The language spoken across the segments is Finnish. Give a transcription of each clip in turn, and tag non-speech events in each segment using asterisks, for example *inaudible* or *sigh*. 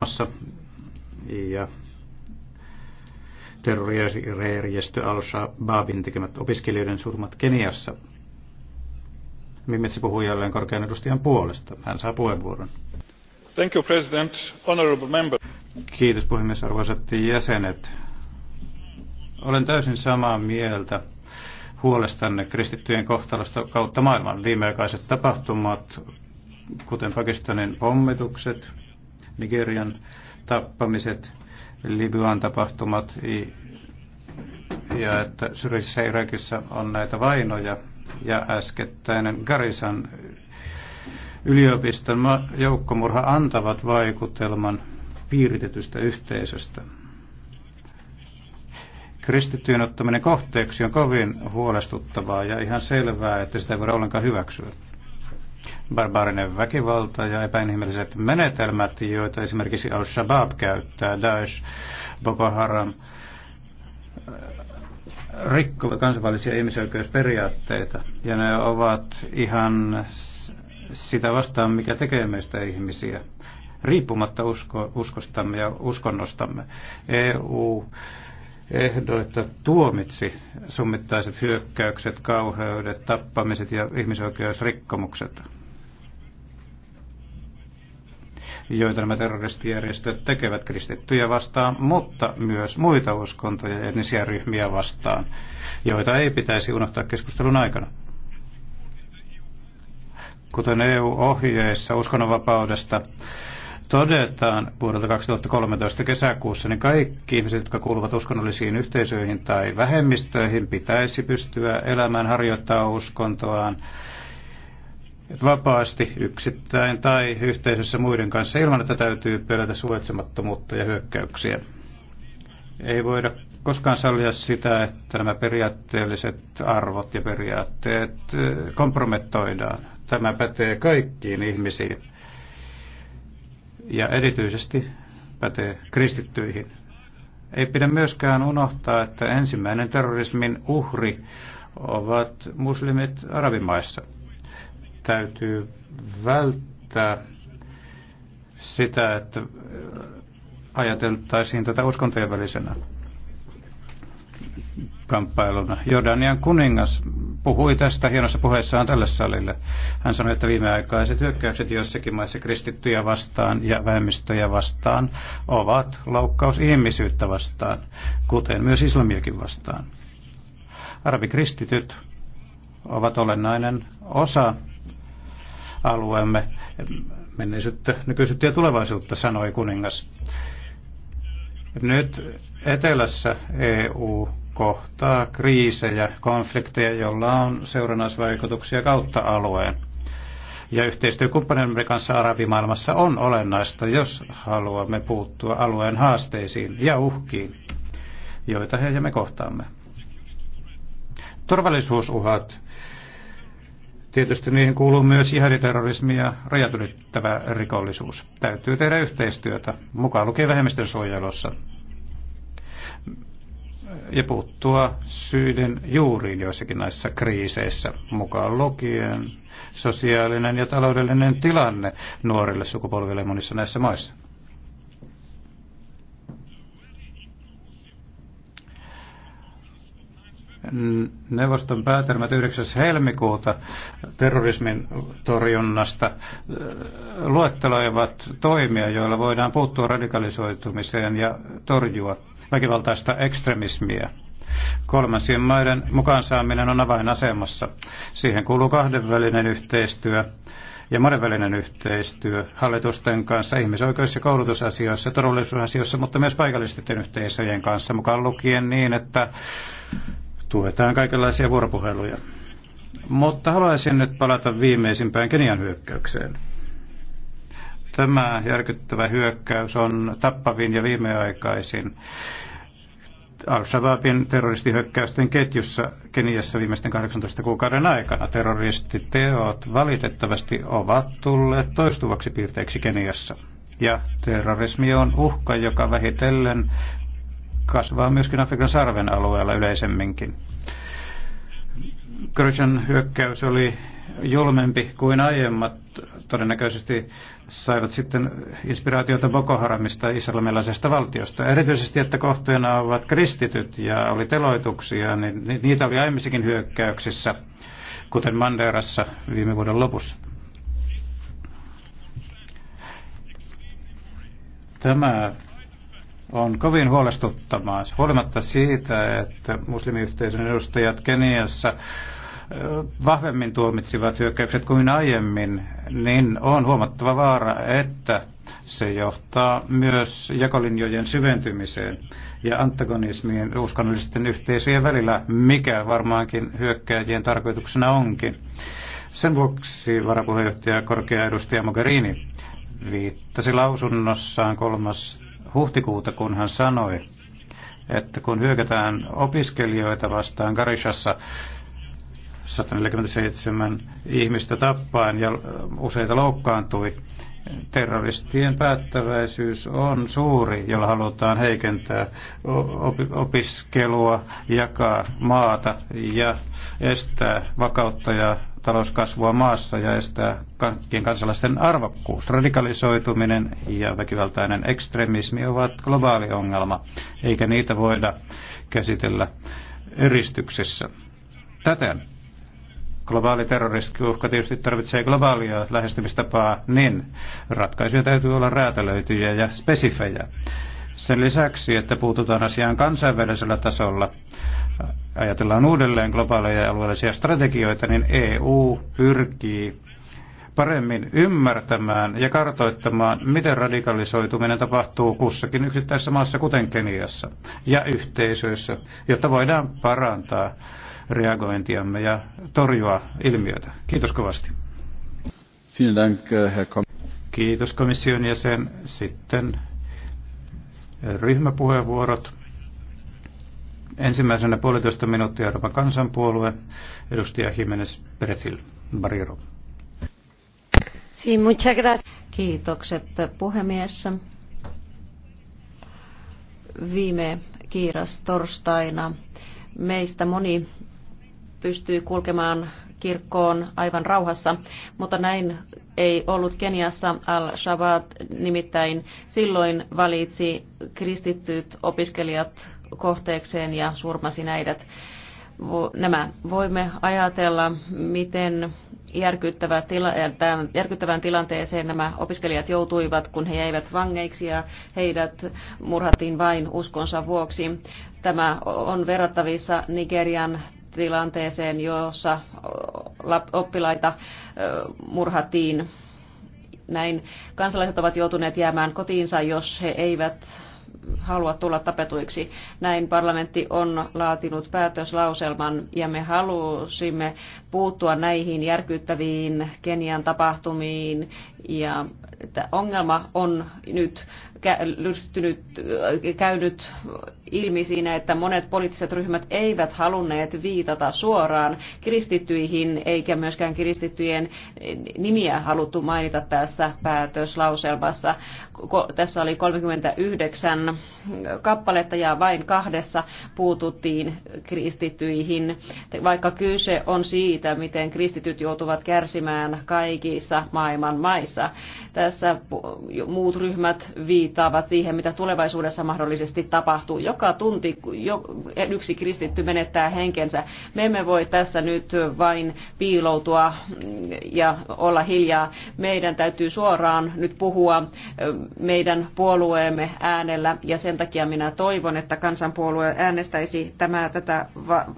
maassa ja terrorijärjestö Al-Shabaabin tekemät opiskelijoiden surmat Keniassa. Mimitsi puhui jälleen korkean edustajan puolesta. Hän saa puheenvuoron. Thank you, President. Honorable member. Kiitos puhemies, arvoisat jäsenet. Olen täysin samaa mieltä huolestanne kristittyjen kohtalosta kautta maailman. Viimeaikaiset tapahtumat, kuten Pakistanin pommitukset, Nigerian tappamiset, Libyan tapahtumat ja että Syrjissä Irakissa on näitä vainoja ja äskettäinen Garisan yliopiston joukkomurha antavat vaikutelman piiritetystä yhteisöstä. Kristityyn ottaminen kohteeksi on kovin huolestuttavaa ja ihan selvää, että sitä ei voida ollenkaan hyväksyä barbaarinen väkivalta ja epäinhimilliset menetelmät, joita esimerkiksi Al-Shabaab käyttää, Daesh, Boko Haram, äh, rikkovat kansainvälisiä ihmisoikeusperiaatteita. Ja ne ovat ihan sitä vastaan, mikä tekee meistä ihmisiä, riippumatta usko, uskostamme ja uskonnostamme. EU ehdoitta tuomitsi summittaiset hyökkäykset, kauheudet, tappamiset ja ihmisoikeusrikkomukset. joita nämä terroristijärjestöt tekevät kristittyjä vastaan, mutta myös muita uskontoja ja etnisiä ryhmiä vastaan, joita ei pitäisi unohtaa keskustelun aikana. Kuten EU-ohjeissa uskonnonvapaudesta todetaan vuodelta 2013 kesäkuussa, niin kaikki ihmiset, jotka kuuluvat uskonnollisiin yhteisöihin tai vähemmistöihin, pitäisi pystyä elämään, harjoittaa uskontoaan vapaasti yksittäin tai yhteisössä muiden kanssa ilman, että täytyy pelätä suvetsemattomuutta ja hyökkäyksiä. Ei voida koskaan sallia sitä, että nämä periaatteelliset arvot ja periaatteet eh, kompromettoidaan. Tämä pätee kaikkiin ihmisiin ja erityisesti pätee kristittyihin. Ei pidä myöskään unohtaa, että ensimmäinen terrorismin uhri ovat muslimit arabimaissa – täytyy välttää sitä, että ajateltaisiin tätä uskontojen välisenä kamppailuna. Jordanian kuningas puhui tästä hienossa puheessaan tälle salille. Hän sanoi, että viimeaikaiset hyökkäykset jossakin maissa kristittyjä vastaan ja vähemmistöjä vastaan ovat loukkaus ihmisyyttä vastaan, kuten myös islamiakin vastaan. Arabikristityt ovat olennainen osa alueemme menneisyyttä, nykyisyyttä ja tulevaisuutta, sanoi kuningas. Nyt etelässä EU kohtaa kriisejä, konflikteja, joilla on seurannaisvaikutuksia kautta alueen. Ja yhteistyökumppanimme kanssa arabimaailmassa on olennaista, jos haluamme puuttua alueen haasteisiin ja uhkiin, joita he ja me kohtaamme. Turvallisuusuhat Tietysti niihin kuuluu myös jihaditerrorismi ja rajat ylittävä rikollisuus. Täytyy tehdä yhteistyötä, mukaan lukien vähemmistön suojelussa, ja puuttua syiden juuriin joissakin näissä kriiseissä, mukaan lukien sosiaalinen ja taloudellinen tilanne nuorille sukupolville monissa näissä maissa. neuvoston päätelmät 9. helmikuuta terrorismin torjunnasta äh, luetteloivat toimia, joilla voidaan puuttua radikalisoitumiseen ja torjua väkivaltaista ekstremismiä. Kolmansien maiden mukaan saaminen on avainasemassa. Siihen kuuluu kahdenvälinen yhteistyö ja monenvälinen yhteistyö hallitusten kanssa ihmisoikeus- ja koulutusasioissa, turvallisuusasioissa, mutta myös paikallisten yhteisöjen kanssa, mukaan lukien niin, että tuetaan kaikenlaisia vuoropuheluja. Mutta haluaisin nyt palata viimeisimpään Kenian hyökkäykseen. Tämä järkyttävä hyökkäys on tappavin ja viimeaikaisin Al-Shabaabin terroristihyökkäysten ketjussa Keniassa viimeisten 18 kuukauden aikana. Terroristiteot valitettavasti ovat tulleet toistuvaksi piirteiksi Keniassa. Ja terrorismi on uhka, joka vähitellen kasvaa myöskin Afrikan sarven alueella yleisemminkin. Kyrgyzstan hyökkäys oli julmempi kuin aiemmat. Todennäköisesti saivat sitten inspiraatiota Boko Haramista islamilaisesta valtiosta. Erityisesti, että kohteena ovat kristityt ja oli teloituksia, niin niitä oli aiemmissakin hyökkäyksissä, kuten Mandeerassa viime vuoden lopussa. Tämä on kovin huolestuttavaa. Huolimatta siitä, että muslimiyhteisön edustajat Keniassa vahvemmin tuomitsivat hyökkäykset kuin aiemmin, niin on huomattava vaara, että se johtaa myös jakolinjojen syventymiseen ja antagonismiin uskonnollisten yhteisöjen välillä, mikä varmaankin hyökkääjien tarkoituksena onkin. Sen vuoksi varapuheenjohtaja korkea edustaja Mogherini viittasi lausunnossaan 3 huhtikuuta, kun hän sanoi, että kun hyökätään opiskelijoita vastaan Garishassa 147 ihmistä tappaen ja useita loukkaantui, terroristien päättäväisyys on suuri, jolla halutaan heikentää opiskelua, jakaa maata ja estää vakautta ja talouskasvua maassa ja estää kaikkien kansalaisten arvokkuus. Radikalisoituminen ja väkivaltainen ekstremismi ovat globaali ongelma, eikä niitä voida käsitellä eristyksessä. Täten globaali terroristiuhka tietysti tarvitsee globaalia lähestymistapaa, niin ratkaisuja täytyy olla räätälöityjä ja spesifejä. Sen lisäksi, että puututaan asiaan kansainvälisellä tasolla, ajatellaan uudelleen globaaleja ja alueellisia strategioita, niin EU pyrkii paremmin ymmärtämään ja kartoittamaan, miten radikalisoituminen tapahtuu kussakin yksittäisessä maassa, kuten Keniassa ja yhteisöissä, jotta voidaan parantaa reagointiamme ja torjua ilmiötä. Kiitos kovasti. Kiitos komission jäsen. Sitten ryhmäpuheenvuorot. Ensimmäisenä puolitoista minuuttia Euroopan kansanpuolue, edustaja Jimenez Perefil Barriero. Kiitokset puhemies. Viime kiiras torstaina meistä moni pystyy kulkemaan kirkkoon aivan rauhassa, mutta näin ei ollut Keniassa. Al-Shabaab nimittäin silloin valitsi kristittyt opiskelijat kohteekseen ja surmasi näidät. Nämä voimme ajatella, miten järkyttävä tila, äh, järkyttävään tilanteeseen nämä opiskelijat joutuivat, kun he jäivät vangeiksi ja heidät murhattiin vain uskonsa vuoksi. Tämä on verrattavissa Nigerian tilanteeseen, jossa oppilaita murhattiin. Näin kansalaiset ovat joutuneet jäämään kotiinsa, jos he eivät halua tulla tapetuiksi. Näin parlamentti on laatinut päätöslauselman ja me halusimme puuttua näihin järkyttäviin Kenian tapahtumiin ja ongelma on nyt lystynyt, äh, käynyt ilmi siinä, että monet poliittiset ryhmät eivät halunneet viitata suoraan kristittyihin, eikä myöskään kristittyjen nimiä haluttu mainita tässä päätöslauselmassa. Tässä oli 39 kappaletta ja vain kahdessa puututtiin kristittyihin, vaikka kyse on siitä, miten kristityt joutuvat kärsimään kaikissa maailman maissa. Tässä muut ryhmät viitasivat viittaavat siihen, mitä tulevaisuudessa mahdollisesti tapahtuu. Joka tunti jo yksi kristitty menettää henkensä. Me emme voi tässä nyt vain piiloutua ja olla hiljaa. Meidän täytyy suoraan nyt puhua meidän puolueemme äänellä ja sen takia minä toivon, että kansanpuolue äänestäisi tämä, tätä,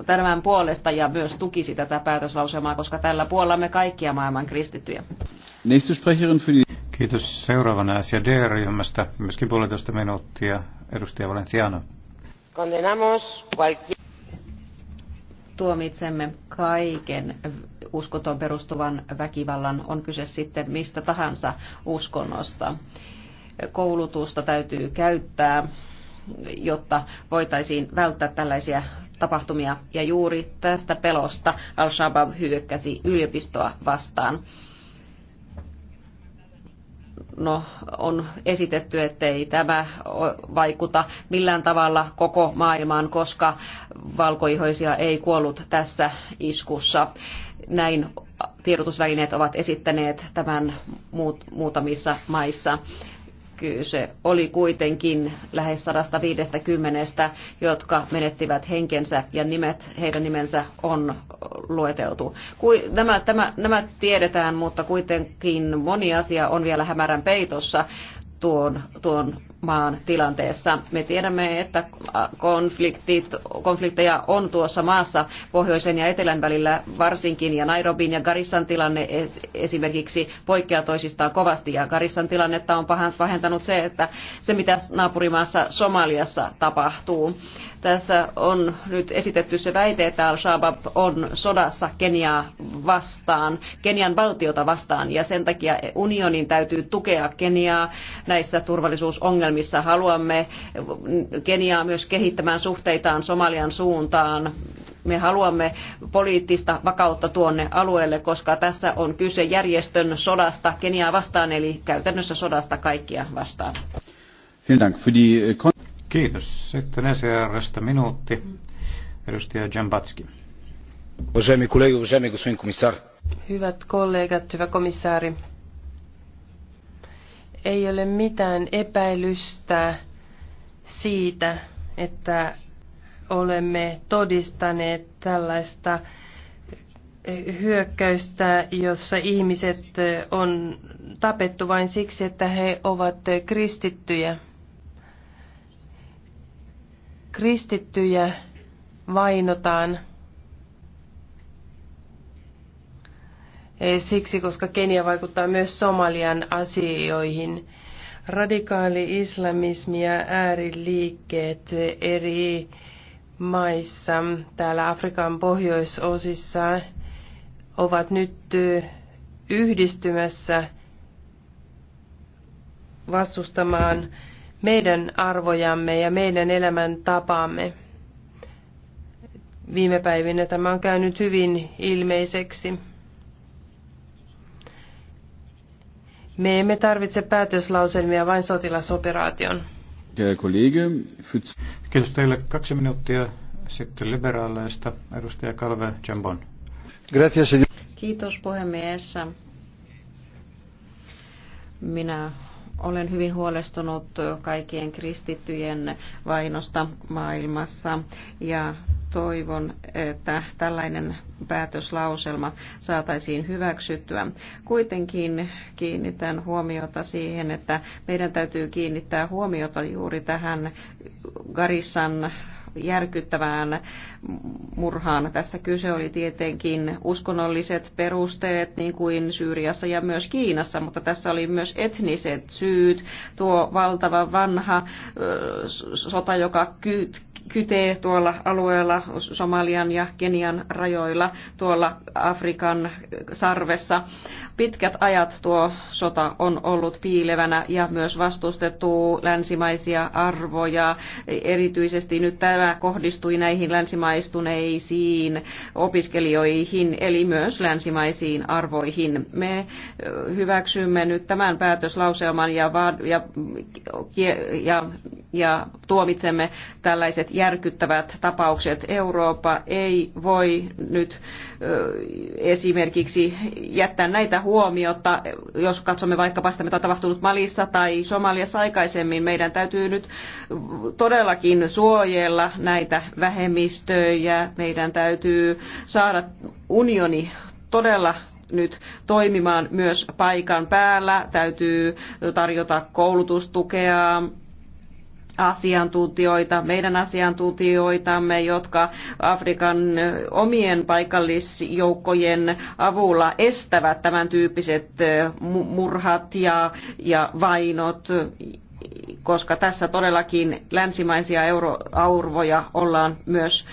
tämän puolesta ja myös tukisi tätä päätöslausemaa, koska tällä puolella me kaikkia maailman kristittyjä. Nächste Sprecherin für die Kiitos. Seuraavana asia d ryhmästä myöskin puolitoista minuuttia. Edustaja Valenciano. Tuomitsemme kaiken uskontoon perustuvan väkivallan, on kyse sitten mistä tahansa uskonnosta. Koulutusta täytyy käyttää, jotta voitaisiin välttää tällaisia tapahtumia. Ja juuri tästä pelosta Al-Shabaab hyökkäsi yliopistoa vastaan No, on esitetty, ei tämä vaikuta millään tavalla koko maailmaan, koska valkoihoisia ei kuollut tässä iskussa. Näin tiedotusvälineet ovat esittäneet tämän muut, muutamissa maissa kyse oli kuitenkin lähes 150, jotka menettivät henkensä ja nimet, heidän nimensä on lueteltu. Nämä, tämä, nämä tiedetään, mutta kuitenkin moni asia on vielä hämärän peitossa tuon, tuon maan tilanteessa. Me tiedämme, että konfliktit, konflikteja on tuossa maassa pohjoisen ja etelän välillä varsinkin, ja Nairobin ja Garissan tilanne esimerkiksi poikkeaa toisistaan kovasti, ja Garissan tilannetta on pahentanut se, että se mitä naapurimaassa Somaliassa tapahtuu. Tässä on nyt esitetty se väite, että Al-Shabaab on sodassa Keniaa vastaan, Kenian valtiota vastaan, ja sen takia unionin täytyy tukea Keniaa näissä turvallisuusongelmissa ongelmissa. Haluamme Keniaa myös kehittämään suhteitaan Somalian suuntaan. Me haluamme poliittista vakautta tuonne alueelle, koska tässä on kyse järjestön sodasta Keniaa vastaan, eli käytännössä sodasta kaikkia vastaan. Äh, Kiitos. Sitten ECRstä minuutti. Edustaja Jambatski. Hyvät kollegat, hyvä komissaari. Ei ole mitään epäilystä siitä, että olemme todistaneet tällaista hyökkäystä, jossa ihmiset on tapettu vain siksi, että he ovat kristittyjä. Kristittyjä vainotaan Eh, siksi, koska Kenia vaikuttaa myös Somalian asioihin. Radikaali islamismi ja ääriliikkeet eri maissa täällä Afrikan pohjoisosissa ovat nyt yhdistymässä vastustamaan meidän arvojamme ja meidän elämäntapaamme. Viime päivinä tämä on käynyt hyvin ilmeiseksi. Me emme tarvitse päätöslauselmia vain sotilasoperaation. Kiitos teille. Kaksi minuuttia sitten liberaaleista. Edustaja Kalve Jambon. Kiitos puhemies. Minä olen hyvin huolestunut kaikkien kristittyjen vainosta maailmassa ja toivon, että tällainen päätöslauselma saataisiin hyväksyttyä. Kuitenkin kiinnitän huomiota siihen, että meidän täytyy kiinnittää huomiota juuri tähän Garissan järkyttävään murhaan. Tässä kyse oli tietenkin uskonnolliset perusteet, niin kuin Syyriassa ja myös Kiinassa, mutta tässä oli myös etniset syyt. Tuo valtava vanha sota, joka kytee tuolla alueella Somalian ja Kenian rajoilla, tuolla Afrikan sarvessa. Pitkät ajat tuo sota on ollut piilevänä ja myös vastustettu länsimaisia arvoja, erityisesti nyt tämä tämä kohdistui näihin länsimaistuneisiin opiskelijoihin, eli myös länsimaisiin arvoihin. Me hyväksymme nyt tämän päätöslauselman ja, ja, ja, ja tuomitsemme tällaiset järkyttävät tapaukset. Eurooppa ei voi nyt esimerkiksi jättää näitä huomiota, jos katsomme vaikkapa sitä, mitä on tapahtunut Malissa tai Somaliassa aikaisemmin. Meidän täytyy nyt todellakin suojella näitä vähemmistöjä. Meidän täytyy saada unioni todella nyt toimimaan myös paikan päällä. Täytyy tarjota koulutustukea, asiantuntijoita, meidän asiantuntijoitamme, jotka Afrikan omien paikallisjoukkojen avulla estävät tämän tyyppiset murhat ja, ja vainot koska tässä todellakin länsimaisia euroarvoja ollaan myös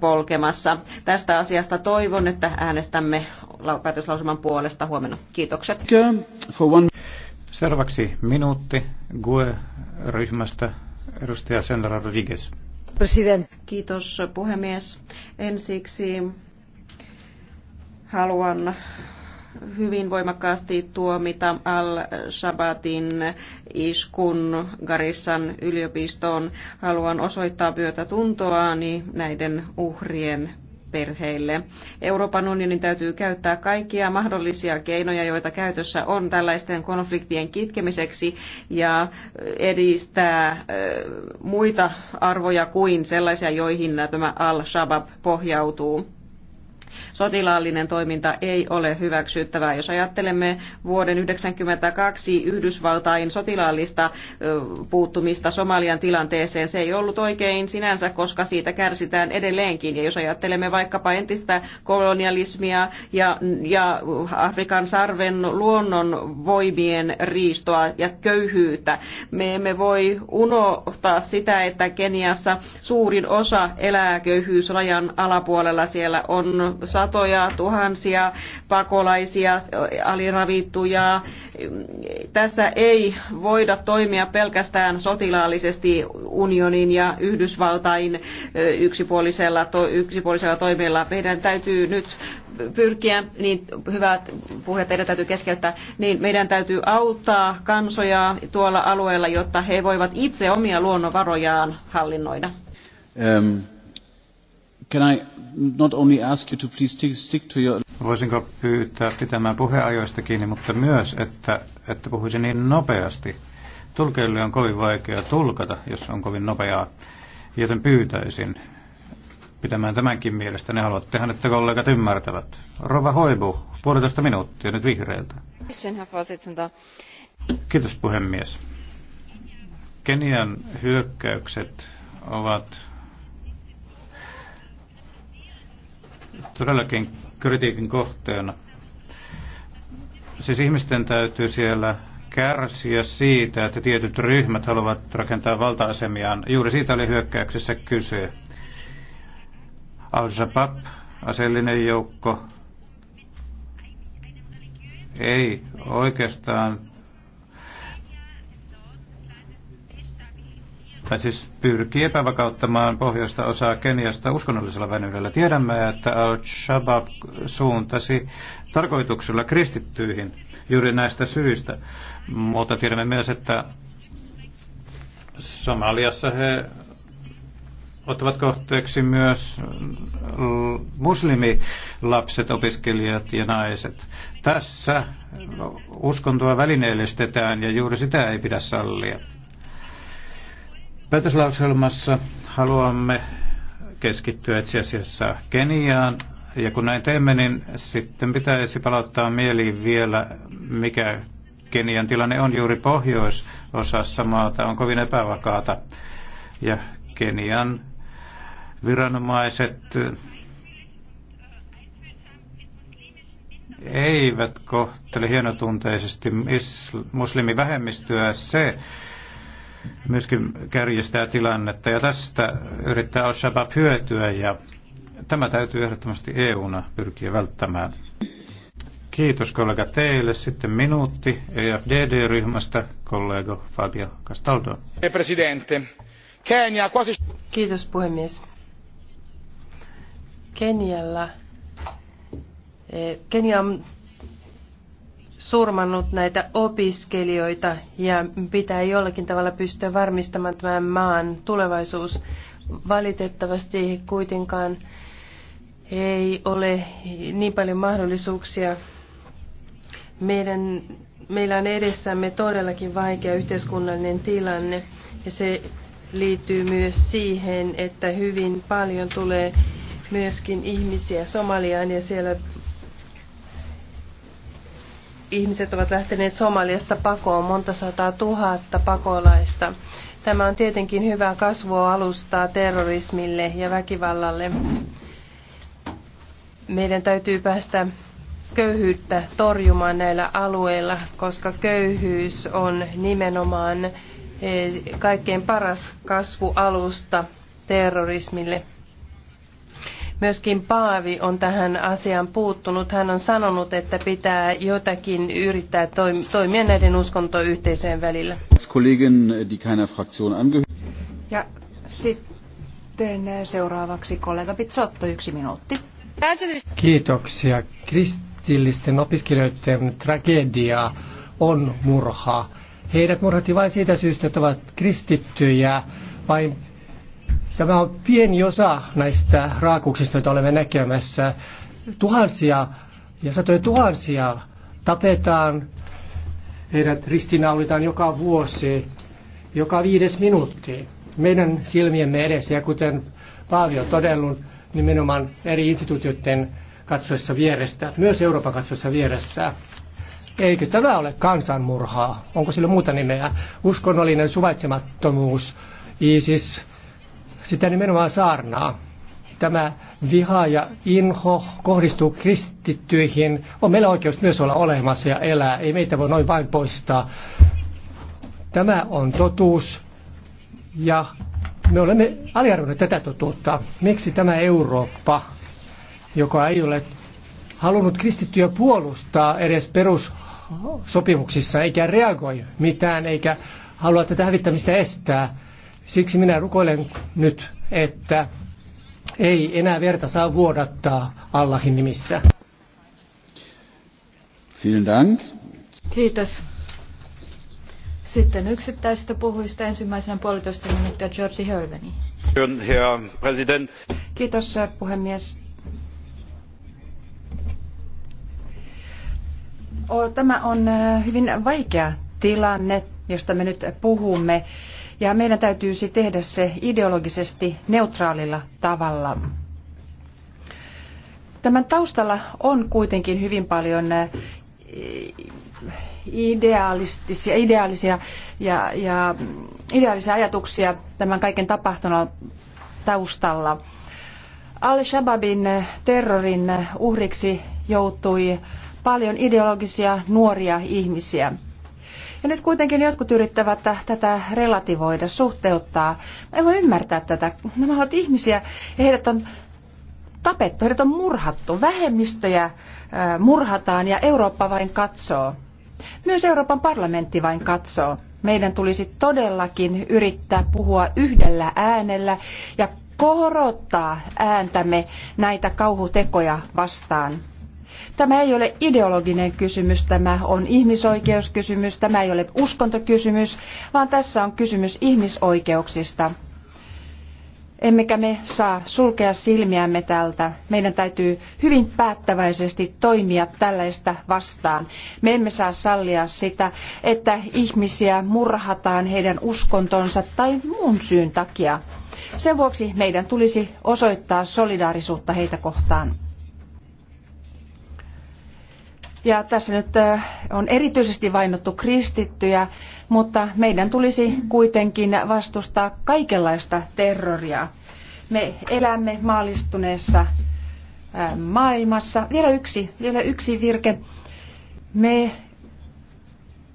polkemassa. Tästä asiasta toivon, että äänestämme päätöslausuman puolesta huomenna. Kiitokset. Seuraavaksi minuutti GUE-ryhmästä edustaja Senra Rodriguez. President. Kiitos puhemies. Ensiksi haluan hyvin voimakkaasti tuomita al-Shabatin iskun Garissan yliopistoon. Haluan osoittaa myötä tuntoaani näiden uhrien perheille. Euroopan unionin täytyy käyttää kaikkia mahdollisia keinoja, joita käytössä on tällaisten konfliktien kitkemiseksi ja edistää muita arvoja kuin sellaisia, joihin tämä al shabab pohjautuu sotilaallinen toiminta ei ole hyväksyttävää. Jos ajattelemme vuoden 1992 Yhdysvaltain sotilaallista puuttumista Somalian tilanteeseen, se ei ollut oikein sinänsä, koska siitä kärsitään edelleenkin. Ja jos ajattelemme vaikkapa entistä kolonialismia ja, ja Afrikan sarven luonnonvoimien riistoa ja köyhyyttä, me emme voi unohtaa sitä, että Keniassa suurin osa elää köyhyysrajan alapuolella. Siellä on satoja tuhansia pakolaisia, aliravittuja. Tässä ei voida toimia pelkästään sotilaallisesti unionin ja Yhdysvaltain yksipuolisella, to, yksipuolisella toimilla. Meidän täytyy nyt pyrkiä, niin hyvät puheet teidän täytyy keskeyttää, niin meidän täytyy auttaa kansoja tuolla alueella, jotta he voivat itse omia luonnonvarojaan hallinnoida. Um. Can I not only ask you to please stick to your... Voisinko pyytää pitämään puheajoista kiinni, mutta myös, että, että puhuisin niin nopeasti. Tulkeille on kovin vaikea tulkata, jos on kovin nopeaa, joten pyytäisin pitämään tämänkin mielestä. Ne haluattehan, että kollegat ymmärtävät. Rova Hoibu, puolitoista minuuttia nyt vihreiltä. Kiitos puhemies. Kenian hyökkäykset ovat todellakin kritiikin kohteena. Siis ihmisten täytyy siellä kärsiä siitä, että tietyt ryhmät haluavat rakentaa valta-asemiaan. Juuri siitä oli hyökkäyksessä kyse. Al-Shabaab, aseellinen joukko, ei oikeastaan tai siis pyrkii epävakauttamaan pohjoista osaa Keniasta uskonnollisella venyydellä. Tiedämme, että Al-Shabaab suuntasi tarkoituksella kristittyihin juuri näistä syistä, mutta tiedämme myös, että Somaliassa he ottavat kohteeksi myös muslimilapset, opiskelijat ja naiset. Tässä uskontoa välineellistetään ja juuri sitä ei pidä sallia. Päätöslauselmassa haluamme keskittyä itse asiassa Keniaan, ja kun näin teemme, niin sitten pitäisi palauttaa mieliin vielä, mikä Kenian tilanne on juuri pohjoisosassa maata, on kovin epävakaata. Ja Kenian viranomaiset eivät kohtele hienotunteisesti muslimivähemmistöä se, myöskin kärjistää tilannetta ja tästä yrittää Al-Shabaab hyötyä ja tämä täytyy ehdottomasti EUna pyrkiä välttämään. Kiitos kollega teille. Sitten minuutti EFDD-ryhmästä kollega Fabio Castaldo. Kiitos puhemies. Kenialla eh, Kenia on surmannut näitä opiskelijoita ja pitää jollakin tavalla pystyä varmistamaan tämän maan tulevaisuus. Valitettavasti kuitenkaan ei ole niin paljon mahdollisuuksia. Meidän, meillä on edessämme todellakin vaikea yhteiskunnallinen tilanne ja se liittyy myös siihen, että hyvin paljon tulee myöskin ihmisiä Somaliaan ja siellä ihmiset ovat lähteneet Somaliasta pakoon, monta sataa tuhatta pakolaista. Tämä on tietenkin hyvää kasvua alustaa terrorismille ja väkivallalle. Meidän täytyy päästä köyhyyttä torjumaan näillä alueilla, koska köyhyys on nimenomaan eh, kaikkein paras kasvualusta terrorismille. Myöskin Paavi on tähän asiaan puuttunut. Hän on sanonut, että pitää jotakin yrittää toimia näiden uskontoyhteisöjen välillä. Ja sitten seuraavaksi kollega Pizzotto, yksi minuutti. Kiitoksia. Kristillisten opiskelijoiden tragedia on murha. Heidät murhattiin vain siitä syystä, että ovat kristittyjä, vain Tämä on pieni osa näistä raakuuksista, joita olemme näkemässä. Tuhansia ja satoja tuhansia tapetaan, heidät ristinaulitaan joka vuosi, joka viides minuutti meidän silmiemme edessä. Ja kuten Paavi on todellut, nimenomaan eri instituutioiden katsoessa vierestä, myös Euroopan katsoessa vieressä. Eikö tämä ole kansanmurhaa? Onko sillä muuta nimeä? Uskonnollinen suvaitsemattomuus, ISIS, sitä nimenomaan saarnaa. Tämä viha ja inho kohdistuu kristittyihin. On meillä oikeus myös olla olemassa ja elää. Ei meitä voi noin vain poistaa. Tämä on totuus ja me olemme aliarvoineet tätä totuutta. Miksi tämä Eurooppa, joka ei ole halunnut kristittyjä puolustaa edes perussopimuksissa, eikä reagoi mitään, eikä halua tätä hävittämistä estää, Siksi minä rukoilen nyt, että ei enää verta saa vuodattaa Allahin nimissä. Vielen Dank. Kiitos. Sitten yksittäisistä puhuista ensimmäisenä puolitoista minuuttia Georgi Hölveni. Kiitos äh, puhemies. Tämä on äh, hyvin vaikea tilanne, josta me nyt puhumme ja meidän täytyisi tehdä se ideologisesti neutraalilla tavalla. Tämän taustalla on kuitenkin hyvin paljon eh, idealistisia, ideaalisia ja, ja mm, ideaalisia ajatuksia tämän kaiken tapahtuneen taustalla. Al-Shababin eh, terrorin eh, uhriksi joutui paljon ideologisia nuoria ihmisiä. Ja nyt kuitenkin jotkut yrittävät tätä relativoida, suhteuttaa. Mä en voi ymmärtää tätä. Nämä ovat ihmisiä ja heidät on tapettu, heidät on murhattu. Vähemmistöjä murhataan ja Eurooppa vain katsoo. Myös Euroopan parlamentti vain katsoo. Meidän tulisi todellakin yrittää puhua yhdellä äänellä ja korottaa ääntämme näitä kauhutekoja vastaan. Tämä ei ole ideologinen kysymys, tämä on ihmisoikeuskysymys, tämä ei ole uskontokysymys, vaan tässä on kysymys ihmisoikeuksista. Emmekä me saa sulkea silmiämme tältä. Meidän täytyy hyvin päättäväisesti toimia tällaista vastaan. Me emme saa sallia sitä, että ihmisiä murhataan heidän uskontonsa tai muun syyn takia. Sen vuoksi meidän tulisi osoittaa solidaarisuutta heitä kohtaan. Ja tässä nyt on erityisesti vainottu kristittyjä, mutta meidän tulisi kuitenkin vastustaa kaikenlaista terroria. Me elämme maalistuneessa maailmassa. Vielä yksi, vielä yksi virke. Me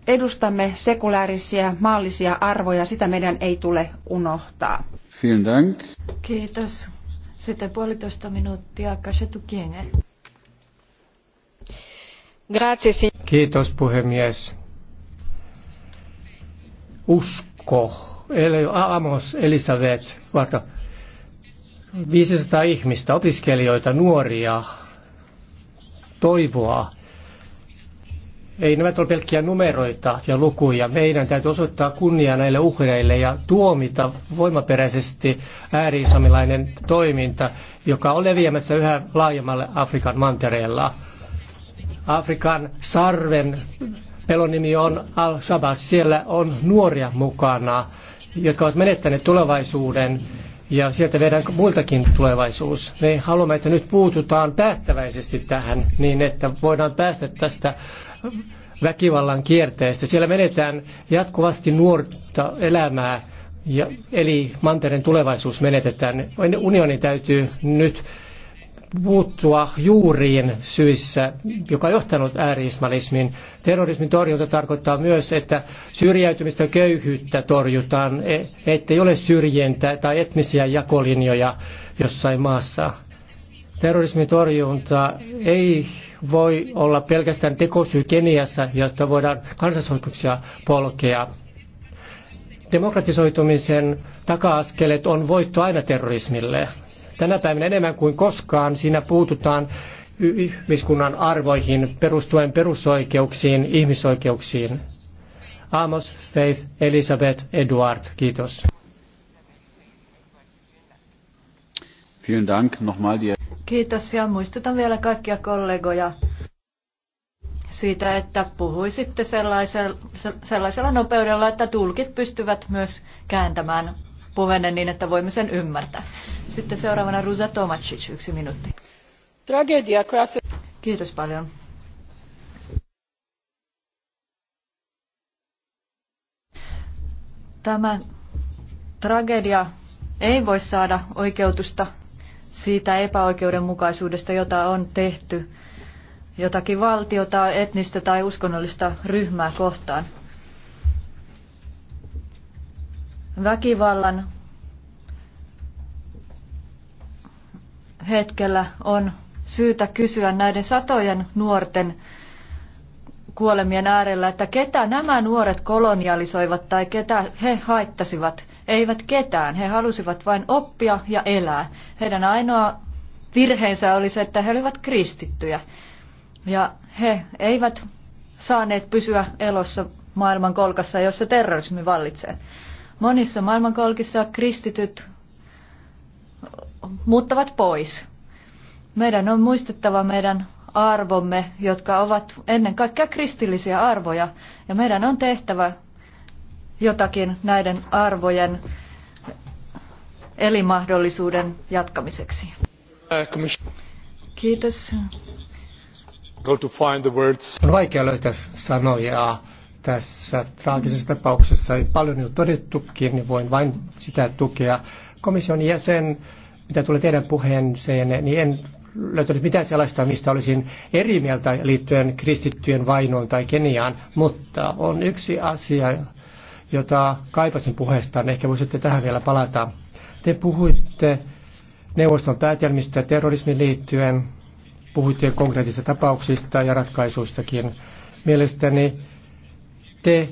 edustamme sekulaarisia maallisia arvoja, sitä meidän ei tule unohtaa. Vielen Kiitos. Sitten puolitoista minuuttia Kashetu Kiitos puhemies. Usko. Amos Elisabeth, vaikka 500 ihmistä, opiskelijoita, nuoria, toivoa. Ei nämä ole pelkkiä numeroita ja lukuja. Meidän täytyy osoittaa kunnia näille uhreille ja tuomita voimaperäisesti ääri toiminta, joka on leviämässä yhä laajemmalle Afrikan mantereella Afrikan sarven pelon nimi on Al-Shabaab. Siellä on nuoria mukana, jotka ovat menettäneet tulevaisuuden ja sieltä viedään muiltakin tulevaisuus. Me haluamme, että nyt puututaan päättäväisesti tähän niin, että voidaan päästä tästä väkivallan kierteestä. Siellä menetään jatkuvasti nuorta elämää, ja, eli mantereen tulevaisuus menetetään. Unionin täytyy nyt puuttua juuriin syissä, joka on johtanut ääriismalismiin. Terrorismin torjunta tarkoittaa myös, että syrjäytymistä köyhyyttä torjutaan, e- ettei ole syrjintä tai etnisiä jakolinjoja jossain maassa. Terrorismin torjunta ei voi olla pelkästään tekosyy Keniassa, jotta voidaan kansallisoikeuksia polkea. Demokratisoitumisen taka-askelet on voitto aina terrorismille tänä päivänä enemmän kuin koskaan. Siinä puututaan ihmiskunnan arvoihin, perustuen perusoikeuksiin, ihmisoikeuksiin. Amos, Faith, Elisabeth, Eduard, kiitos. Kiitos ja muistutan vielä kaikkia kollegoja siitä, että puhuisitte sellaisella, sellaisella nopeudella, että tulkit pystyvät myös kääntämään puheenne niin, että voimme sen ymmärtää. Sitten seuraavana Ruza Tomacic, yksi minuutti. Tragedia, se... Kiitos paljon. Tämä tragedia ei voi saada oikeutusta siitä epäoikeudenmukaisuudesta, jota on tehty jotakin valtiota, etnistä tai uskonnollista ryhmää kohtaan. väkivallan hetkellä on syytä kysyä näiden satojen nuorten kuolemien äärellä, että ketä nämä nuoret kolonialisoivat tai ketä he haittasivat. Eivät ketään, he halusivat vain oppia ja elää. Heidän ainoa virheensä oli se, että he olivat kristittyjä. Ja he eivät saaneet pysyä elossa maailman kolkassa, jossa terrorismi vallitsee. Monissa maailmankolkissa kristityt muuttavat pois. Meidän on muistettava meidän arvomme, jotka ovat ennen kaikkea kristillisiä arvoja, ja meidän on tehtävä jotakin näiden arvojen elimahdollisuuden jatkamiseksi. Uh, Kiitos. On vaikea löytää sanoja tässä traagisessa tapauksessa ei paljon jo todettukin, niin voin vain sitä tukea. Komission jäsen, mitä tulee teidän puheeseenne, niin en löytänyt mitään sellaista, mistä olisin eri mieltä liittyen kristittyjen vainoon tai Keniaan, mutta on yksi asia, jota kaipasin puheestaan. Ehkä voisitte tähän vielä palata. Te puhuitte neuvoston päätelmistä terrorismin liittyen, puhuitte konkreettisista tapauksista ja ratkaisuistakin. Mielestäni te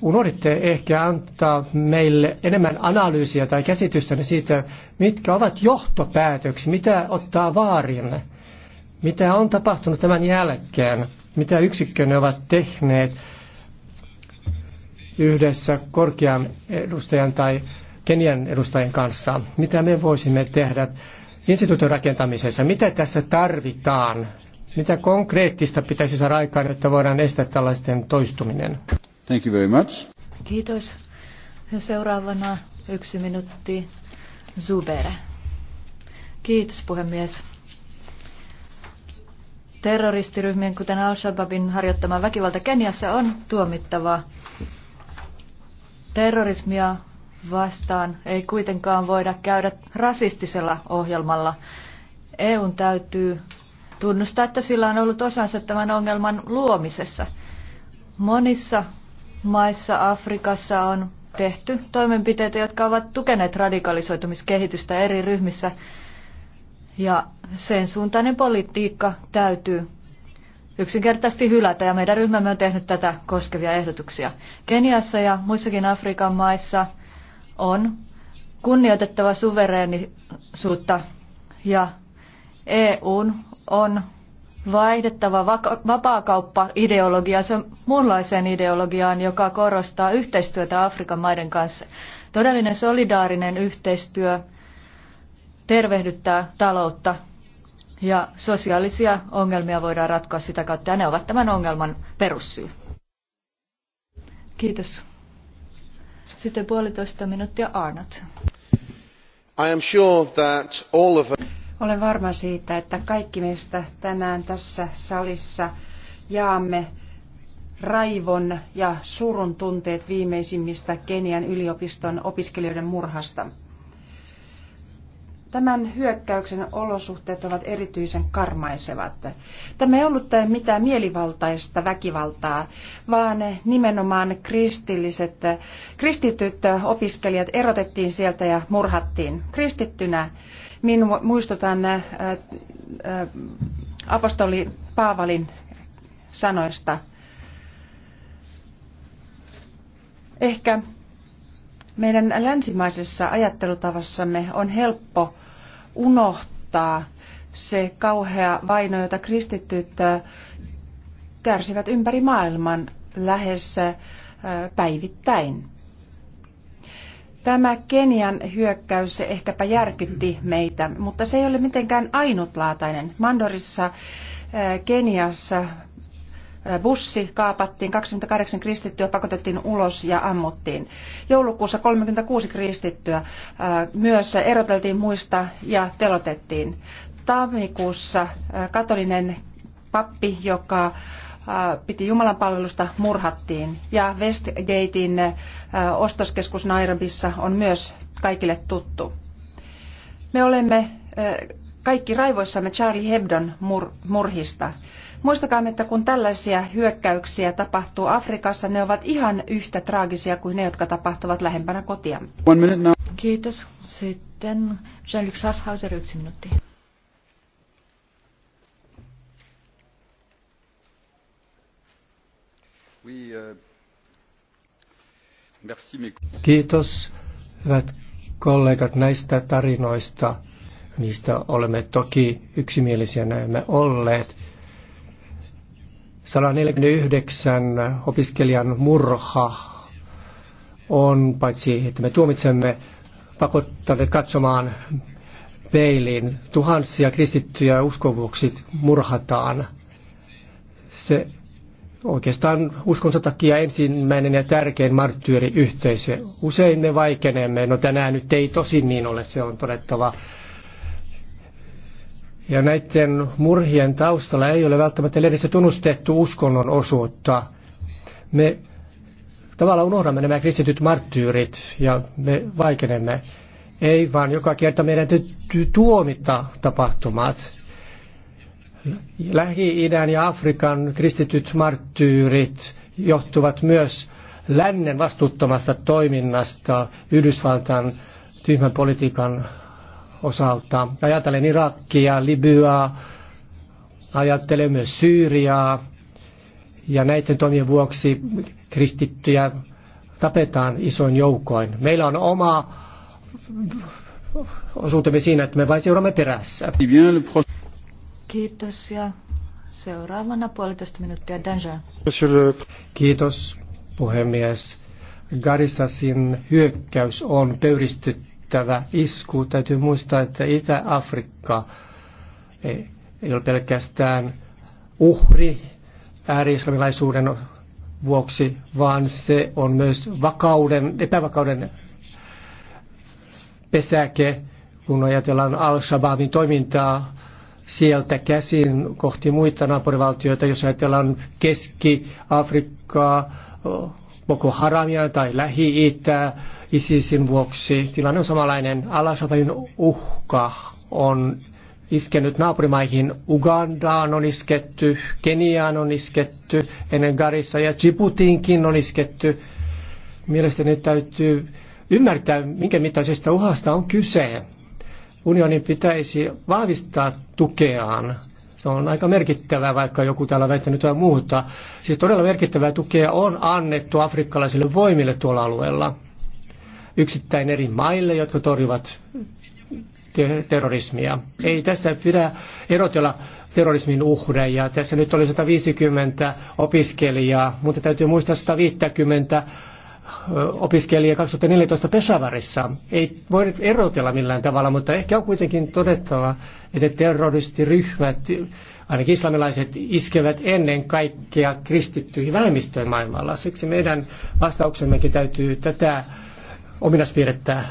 unohditte ehkä antaa meille enemmän analyysiä tai käsitystä siitä, mitkä ovat johtopäätöksiä, mitä ottaa vaarin, mitä on tapahtunut tämän jälkeen, mitä yksikkönne ovat tehneet yhdessä korkean edustajan tai Kenian edustajien kanssa, mitä me voisimme tehdä instituutin rakentamisessa, mitä tässä tarvitaan, mitä konkreettista pitäisi saada aikaan, että voidaan estää tällaisten toistuminen? Thank you very much. Kiitos. Seuraavana yksi minuutti Zuber. Kiitos puhemies. Terroristiryhmien, kuten Al-Shabaabin harjoittama väkivalta Keniassa, on tuomittavaa. Terrorismia vastaan ei kuitenkaan voida käydä rasistisella ohjelmalla. EUn täytyy tunnustaa, että sillä on ollut osansa tämän ongelman luomisessa. Monissa maissa Afrikassa on tehty toimenpiteitä, jotka ovat tukeneet radikalisoitumiskehitystä eri ryhmissä. Ja sen suuntainen politiikka täytyy yksinkertaisesti hylätä ja meidän ryhmämme on tehnyt tätä koskevia ehdotuksia. Keniassa ja muissakin Afrikan maissa on kunnioitettava suvereenisuutta ja EUn on vaihdettava vapaakauppa ideologia se muunlaiseen ideologiaan, joka korostaa yhteistyötä Afrikan maiden kanssa. Todellinen solidaarinen yhteistyö tervehdyttää taloutta ja sosiaalisia ongelmia voidaan ratkoa sitä kautta ja ne ovat tämän ongelman perussyy. Kiitos. Sitten puolitoista minuuttia Arnott. I am sure that all of us... Olen varma siitä, että kaikki meistä tänään tässä salissa jaamme raivon ja surun tunteet viimeisimmistä Kenian yliopiston opiskelijoiden murhasta. Tämän hyökkäyksen olosuhteet ovat erityisen karmaisevat. Tämä ei ollut mitään mielivaltaista väkivaltaa, vaan nimenomaan kristilliset, kristityt opiskelijat erotettiin sieltä ja murhattiin. Kristittynä Minun muistutan ä, äh, ä, äh, apostoli Paavalin sanoista. Ehkä meidän länsimaisessa ajattelutavassamme on helppo unohtaa se kauhea vaino, jota kristityt äh, kärsivät ympäri maailman lähes äh, päivittäin. Tämä Kenian hyökkäys ehkäpä järkytti meitä, mutta se ei ole mitenkään ainutlaatainen. Mandorissa äh, Keniassa bussi kaapattiin, 28 kristittyä pakotettiin ulos ja ammuttiin. Joulukuussa 36 kristittyä myös eroteltiin muista ja telotettiin. Tammikuussa katolinen pappi, joka piti jumalanpalvelusta, murhattiin. Ja Westgatein ostoskeskus Nairobissa on myös kaikille tuttu. Me olemme kaikki raivoissamme Charlie Hebdon mur- murhista. Muistakaa, että kun tällaisia hyökkäyksiä tapahtuu Afrikassa, ne ovat ihan yhtä traagisia kuin ne, jotka tapahtuvat lähempänä kotia. Kiitos. Sitten Jean-Luc Schaffhauser, yksi minuutti. Euh, Kiitos, hyvät kollegat, näistä tarinoista. Niistä olemme toki yksimielisiä näemme olleet. 149 opiskelijan murha on paitsi, että me tuomitsemme pakottaneet katsomaan peiliin. Tuhansia kristittyjä uskovuksi murhataan. Se oikeastaan uskonsa takia ensimmäinen ja tärkein marttyyriyhteisö. Usein me vaikenemme, no tänään nyt ei tosi niin ole, se on todettava. Ja näiden murhien taustalla ei ole välttämättä edes tunnustettu uskonnon osuutta. Me tavallaan unohdamme nämä kristityt marttyyrit ja me vaikenemme. Ei vaan joka kerta meidän täytyy tuomita tapahtumat. Lähi-idän ja Afrikan kristityt marttyyrit johtuvat myös lännen vastuuttomasta toiminnasta Yhdysvaltain tyhmän politiikan osalta. Ajattelen Irakia, Libyaa, ajattelen myös Syyriaa ja näiden toimien vuoksi kristittyjä tapetaan isoin joukoin. Meillä on oma osuutemme siinä, että me vain seuraamme perässä. Kiitos ja seuraavana puolitoista minuuttia Danja. Kiitos puhemies. Garissasin hyökkäys on pöyristyttävä järkyttävä isku. Täytyy muistaa, että Itä-Afrikka ei, eh, ei ole pelkästään uhri ääri-islamilaisuuden vuoksi, vaan se on myös vakauden, epävakauden pesäke, kun ajatellaan Al-Shabaabin toimintaa sieltä käsin kohti muita naapurivaltioita, jos ajatellaan Keski-Afrikkaa, Boko Haramia tai Lähi-Itää, ISISin vuoksi. Tilanne on samanlainen. al uhka on iskenyt naapurimaihin. Ugandaan on isketty, Keniaan on isketty, ennen Garissa ja Djiboutiinkin on isketty. Mielestäni täytyy ymmärtää, minkä mittaisesta uhasta on kyse. Unionin pitäisi vahvistaa tukeaan. Se on aika merkittävää, vaikka joku täällä väittänyt jotain muuta. Siis todella merkittävää tukea on annettu afrikkalaisille voimille tuolla alueella yksittäin eri maille, jotka torjuvat terrorismia. Ei tässä pidä erotella terrorismin uhreja. Tässä nyt oli 150 opiskelijaa, mutta täytyy muistaa 150 opiskelija 2014 Pesavarissa. Ei voi erotella millään tavalla, mutta ehkä on kuitenkin todettava, että terroristiryhmät, ainakin islamilaiset, iskevät ennen kaikkea kristittyihin vähemmistöihin maailmalla. Siksi meidän vastauksemmekin täytyy tätä ominaispiirrettä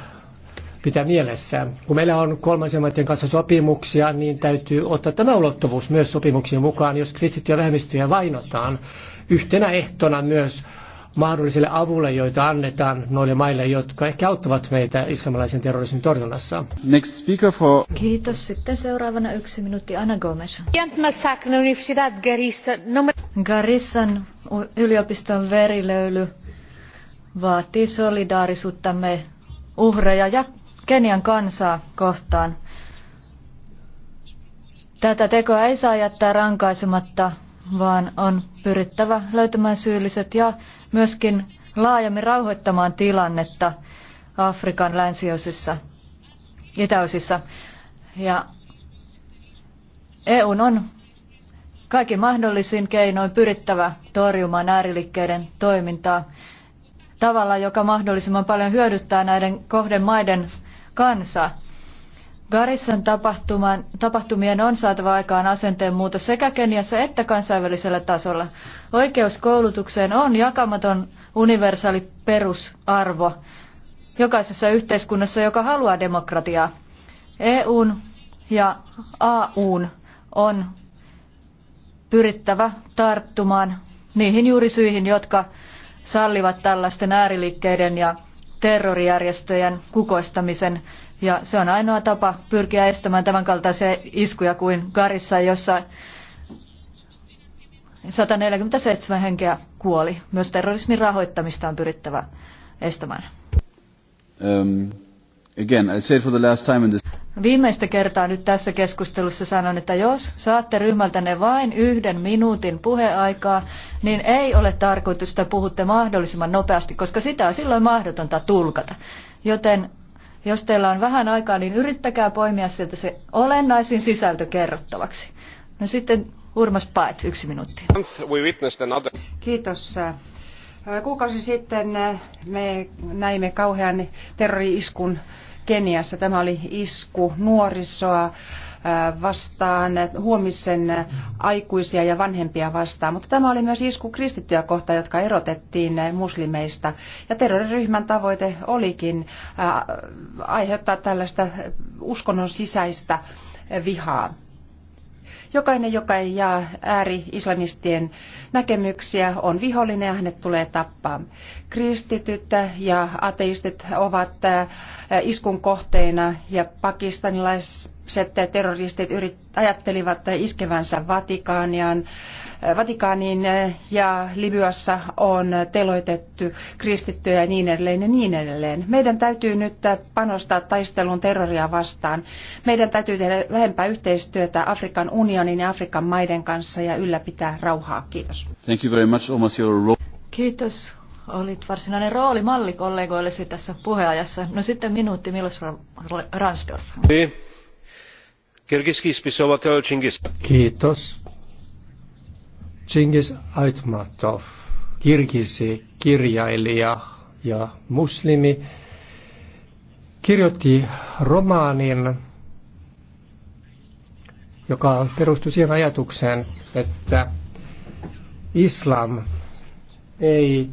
pitää mielessä. Kun meillä on kolmansien maiden kanssa sopimuksia, niin täytyy ottaa tämä ulottuvuus myös sopimuksiin mukaan, jos kristittyjä vähemmistöjä vainotaan. Yhtenä ehtona myös mahdolliselle avulle, joita annetaan noille maille, jotka ehkä auttavat meitä islamilaisen terrorismin torjunnassa. Next speaker for... Kiitos. Sitten seuraavana yksi minuutti Anna Gomes. Garissan yliopiston verilöyly vaatii solidaarisuuttamme uhreja ja Kenian kansaa kohtaan. Tätä tekoa ei saa jättää rankaisematta, vaan on pyrittävä löytämään syylliset ja myöskin laajemmin rauhoittamaan tilannetta Afrikan länsiosissa, itäosissa. Ja EUn on kaikki mahdollisin keinoin pyrittävä torjumaan ääriliikkeiden toimintaa tavalla, joka mahdollisimman paljon hyödyttää näiden kohdemaiden kansaa. Garissan tapahtumien on saatava aikaan asenteen muutos sekä Keniassa että kansainvälisellä tasolla. Oikeus koulutukseen on jakamaton universaali perusarvo jokaisessa yhteiskunnassa, joka haluaa demokratiaa. EUn ja AUn on pyrittävä tarttumaan niihin juurisyihin, jotka sallivat tällaisten ääriliikkeiden ja terrorijärjestöjen kukoistamisen. Ja se on ainoa tapa pyrkiä estämään tämänkaltaisia iskuja kuin Garissa, jossa 147 henkeä kuoli. Myös terrorismin rahoittamista on pyrittävä estämään. Um, again, for the last time in this... Viimeistä kertaa nyt tässä keskustelussa sanon, että jos saatte ryhmältänne vain yhden minuutin puheaikaa, niin ei ole tarkoitus, että puhutte mahdollisimman nopeasti, koska sitä on silloin mahdotonta tulkata. Joten jos teillä on vähän aikaa, niin yrittäkää poimia sieltä se olennaisin sisältö kerrottavaksi. No sitten Urmas Paet, yksi minuutti. Kiitos. Kuukausi sitten me näimme kauhean terrori-iskun Keniassa. Tämä oli isku nuorisoa äh, vastaan, huomisen aikuisia ja vanhempia vastaan, mutta tämä oli myös isku kristittyjä kohtaan, jotka erotettiin muslimeista. Ja terroriryhmän tavoite olikin äh, aiheuttaa tällaista uskonnon sisäistä vihaa. Jokainen, joka ei jaa ääri-islamistien näkemyksiä, on vihollinen ja hänet tulee tappaa. Kristityt ja ateistit ovat äh, iskun kohteena ja pakistanilais Tyyppiset terroristit yrit, ajattelivat iskevänsä Vatikaaniaan, äh, Vatikaaniin äh, ja Libyassa on teloitettu kristittyjä ja niin edelleen ja niin edelleen. Meidän täytyy nyt äh, panostaa taisteluun terroria vastaan. Meidän täytyy tehdä lähempää yhteistyötä Afrikan unionin ja Afrikan maiden kanssa ja ylläpitää rauhaa. Kiitos. Thank you very much, Omas, Kiitos. Olit varsinainen roolimalli kollegoillesi tässä puheajassa. No sitten minuutti Milos Ransdorf. Niin kirgiski spisovatel Chingis. Kiitos. Chingis Aitmatov, kirgisi kirjailija ja muslimi, kirjoitti romaanin, joka perustui siihen ajatukseen, että islam ei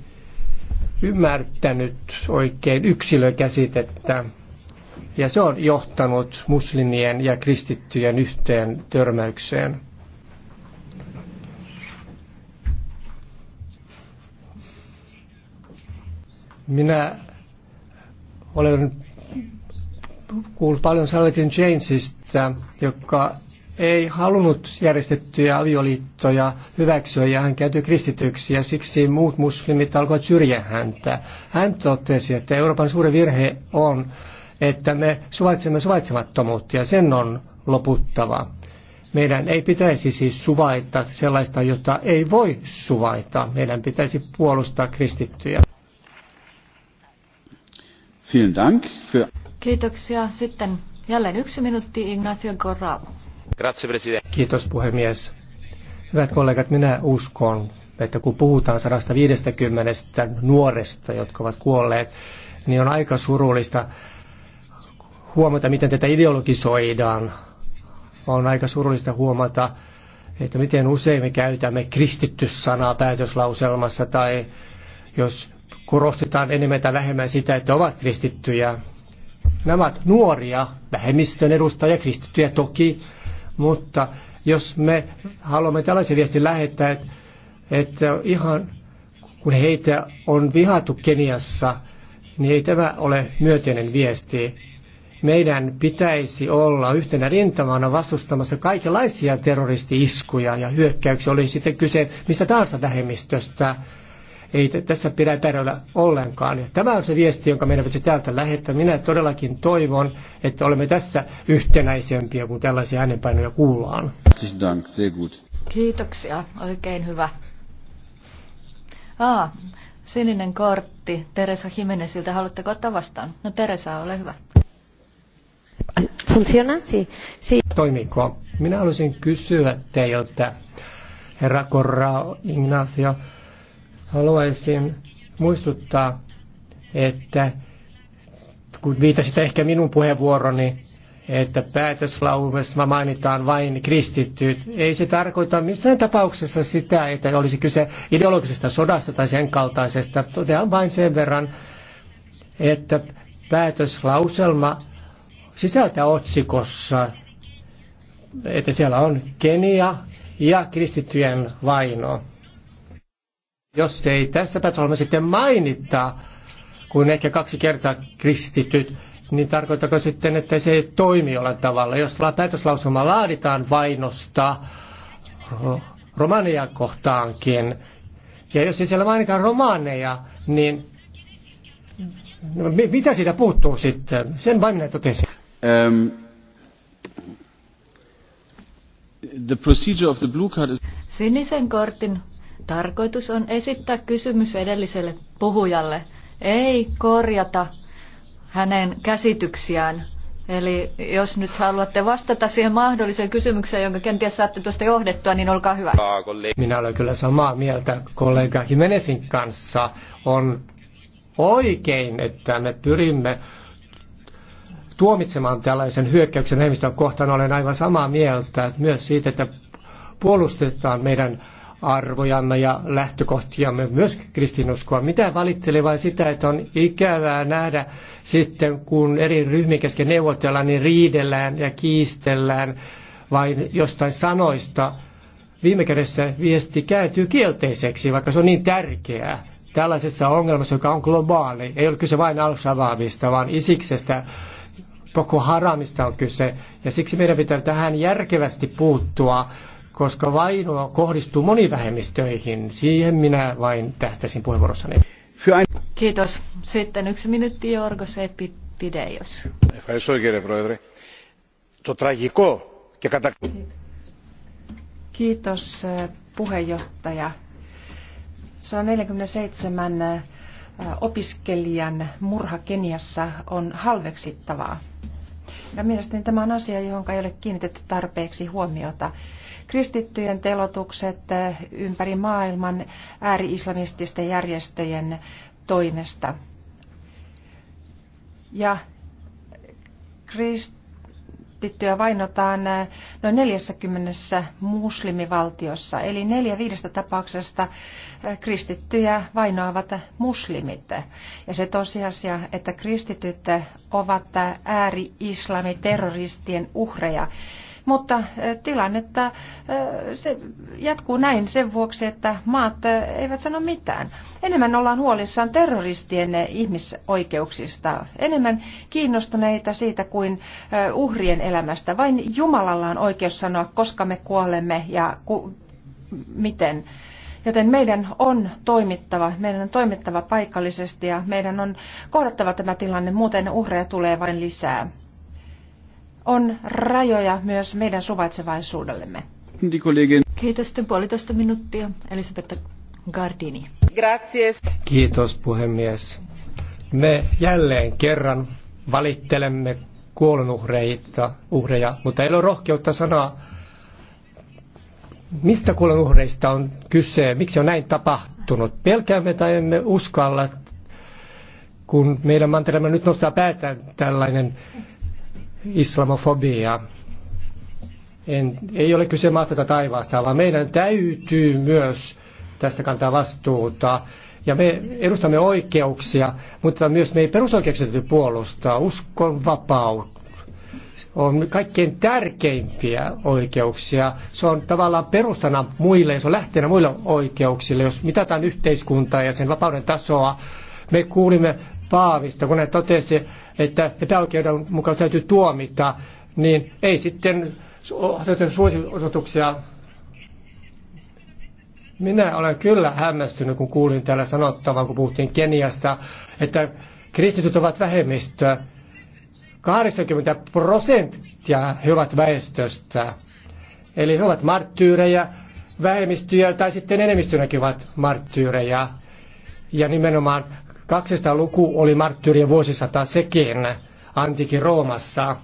ymmärtänyt oikein yksilökäsitettä ja se on johtanut muslimien ja kristittyjen yhteen törmäykseen. Minä olen kuullut paljon Salvatin Jamesista, joka ei halunnut järjestettyjä avioliittoja hyväksyä ja hän käytyi kristityksi ja siksi muut muslimit alkoivat syrjiä häntä. Hän totesi, että Euroopan suuri virhe on, että me suvaitsemme suvaitsemattomuutta ja sen on loputtava. Meidän ei pitäisi siis suvaita sellaista, jota ei voi suvaita. Meidän pitäisi puolustaa kristittyjä. Kiitoksia. Sitten jälleen yksi minuutti Ignacio Corrao. Kiitos puhemies. Hyvät kollegat, minä uskon, että kun puhutaan 150 nuoresta, jotka ovat kuolleet, niin on aika surullista huomata, miten tätä ideologisoidaan. On aika surullista huomata, että miten usein me käytämme kristitty-sanaa päätöslauselmassa tai jos korostetaan enemmän tai vähemmän sitä, että ovat kristittyjä. Nämä ovat nuoria, vähemmistön edustajia, kristittyjä toki, mutta jos me haluamme tällaisen viestin lähettää, että, että ihan kun heitä on vihattu Keniassa, niin ei tämä ole myönteinen viesti meidän pitäisi olla yhtenä rintamana vastustamassa kaikenlaisia terroristi-iskuja ja hyökkäyksiä, oli sitten kyse mistä tahansa vähemmistöstä. Ei tässä pidä pärjätä ollenkaan. Ja tämä on se viesti, jonka meidän pitäisi täältä lähettää. Minä todellakin toivon, että olemme tässä yhtenäisempiä, kun tällaisia äänenpainoja kuullaan. Kiitoksia, oikein hyvä. Aa, sininen kortti Teresa Jimeneziltä. Haluatteko ottaa vastaan? No Teresa, ole hyvä. Funciona? Si. si. Toimiko? Minä haluaisin kysyä teiltä, herra Corrao Ignacio, haluaisin muistuttaa, että kun viitasit ehkä minun puheenvuoroni, että päätöslaumassa mainitaan vain kristityt. Ei se tarkoita missään tapauksessa sitä, että olisi kyse ideologisesta sodasta tai sen kaltaisesta. Totean vain sen verran, että päätöslauselma sisältää otsikossa, että siellä on Kenia ja kristittyjen vaino. Jos ei tässä päätöksessä sitten mainita, kun ehkä kaksi kertaa kristityt, niin tarkoittako sitten, että se ei toimi jollain tavalla? Jos päätöslausuma laaditaan vainosta romania kohtaankin, ja jos ei siellä mainitaan romaaneja, niin no, mitä siitä puuttuu sitten? Sen vain minä totesin. Um, Sinisen kortin tarkoitus on esittää kysymys edelliselle puhujalle, ei korjata hänen käsityksiään. Eli jos nyt haluatte vastata siihen mahdolliseen kysymykseen, jonka kenties saatte tuosta johdettua, niin olkaa hyvä. Minä olen kyllä samaa mieltä kollega Himenefin kanssa. On oikein, että me pyrimme tuomitsemaan tällaisen hyökkäyksen vähemmistön kohtaan. Olen aivan samaa mieltä myös siitä, että puolustetaan meidän arvojamme ja lähtökohtiamme, myös kristinuskoa. Mitä valittelee vain sitä, että on ikävää nähdä sitten, kun eri ryhmien kesken neuvotellaan, niin riidellään ja kiistellään vain jostain sanoista. Viime kädessä viesti kääntyy kielteiseksi, vaikka se on niin tärkeää. Tällaisessa ongelmassa, joka on globaali, ei ole kyse vain Al-Shabaabista, vaan Isiksestä, Boko Haramista on kyse. Ja siksi meidän pitää tähän järkevästi puuttua, koska vaino kohdistuu monivähemmistöihin. Siihen minä vain tähtäisin puheenvuorossani. Kiitos. Sitten yksi minuutti Seppi Epitideios. Kiitos puheenjohtaja. 147 opiskelijan murha Keniassa on halveksittavaa. Ja mielestäni tämä on asia, johon ei ole kiinnitetty tarpeeksi huomiota. Kristittyjen telotukset eh, ympäri maailman ääri-islamististen järjestöjen toimesta. Ja krist kristittyä vainotaan eh, noin 40 muslimivaltiossa, eli neljä viidestä tapauksesta eh, kristittyjä vainoavat muslimit. Ja se tosiasia, että kristityt ovat ääri-islamiterroristien uhreja, mutta eh, tilannetta eh, se jatkuu näin sen vuoksi, että maat eh, eivät sano mitään. Enemmän ollaan huolissaan terroristien ihmisoikeuksista, enemmän kiinnostuneita siitä kuin uhrien elämästä. Vain Jumalalla on oikeus sanoa, koska me kuolemme ja ku, miten. Joten meidän on toimittava, meidän on toimittava paikallisesti ja meidän on kohdattava tämä tilanne, muuten uhreja tulee vain lisää on rajoja myös meidän suvaitsevaisuudellemme. Kiitos. Sitten puolitoista minuuttia. Elisabetta Gardini. Gracias. Kiitos puhemies. Me jälleen kerran valittelemme kuolonuhreita, uhreja, mutta ei ole rohkeutta sanoa, mistä kuolonuhreista on kyse, miksi on näin tapahtunut. Pelkäämme tai emme uskalla, kun meidän mantelemme nyt nostaa päätään tällainen islamofobiaa. En, ei ole kyse maasta tai taivaasta, vaan meidän täytyy myös tästä kantaa vastuuta. Ja me edustamme oikeuksia, mutta myös meidän perusoikeuksia täytyy puolustaa. Uskonvapaus on kaikkein tärkeimpiä oikeuksia. Se on tavallaan perustana muille ja se on lähteenä muille oikeuksille. Jos mitataan yhteiskuntaa ja sen vapauden tasoa, me kuulimme Paavista, kun hän totesi, että epäoikeudenmukaisuus täytyy tuomita, niin ei sitten asetettu suositusosoituksia. Minä olen kyllä hämmästynyt, kun kuulin täällä sanottavan, kun puhuttiin Keniasta, että kristityt ovat vähemmistö. 80 prosenttia he ovat väestöstä. Eli he ovat marttyyrejä, vähemmistöjä tai sitten enemmistönäkin ovat marttyyrejä. Ja nimenomaan 200-luku oli marttyyrien vuosisata sekin antiikin Roomassa.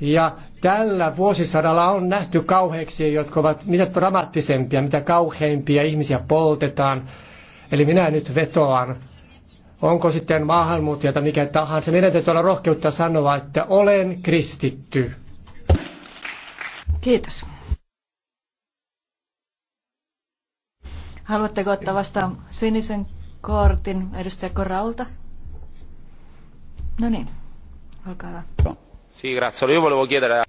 Ja tällä vuosisadalla on nähty kauheiksi, jotka ovat mitä dramaattisempia, mitä kauheimpia, ihmisiä poltetaan. Eli minä nyt vetoan, onko sitten maahanmuuttaja tai mikä tahansa, meidän täytyy olla rohkeutta sanoa, että olen kristitty. Kiitos. Haluatteko ottaa vastaan sinisen kortin edustaja Koralta. No niin, olkaa hyvä.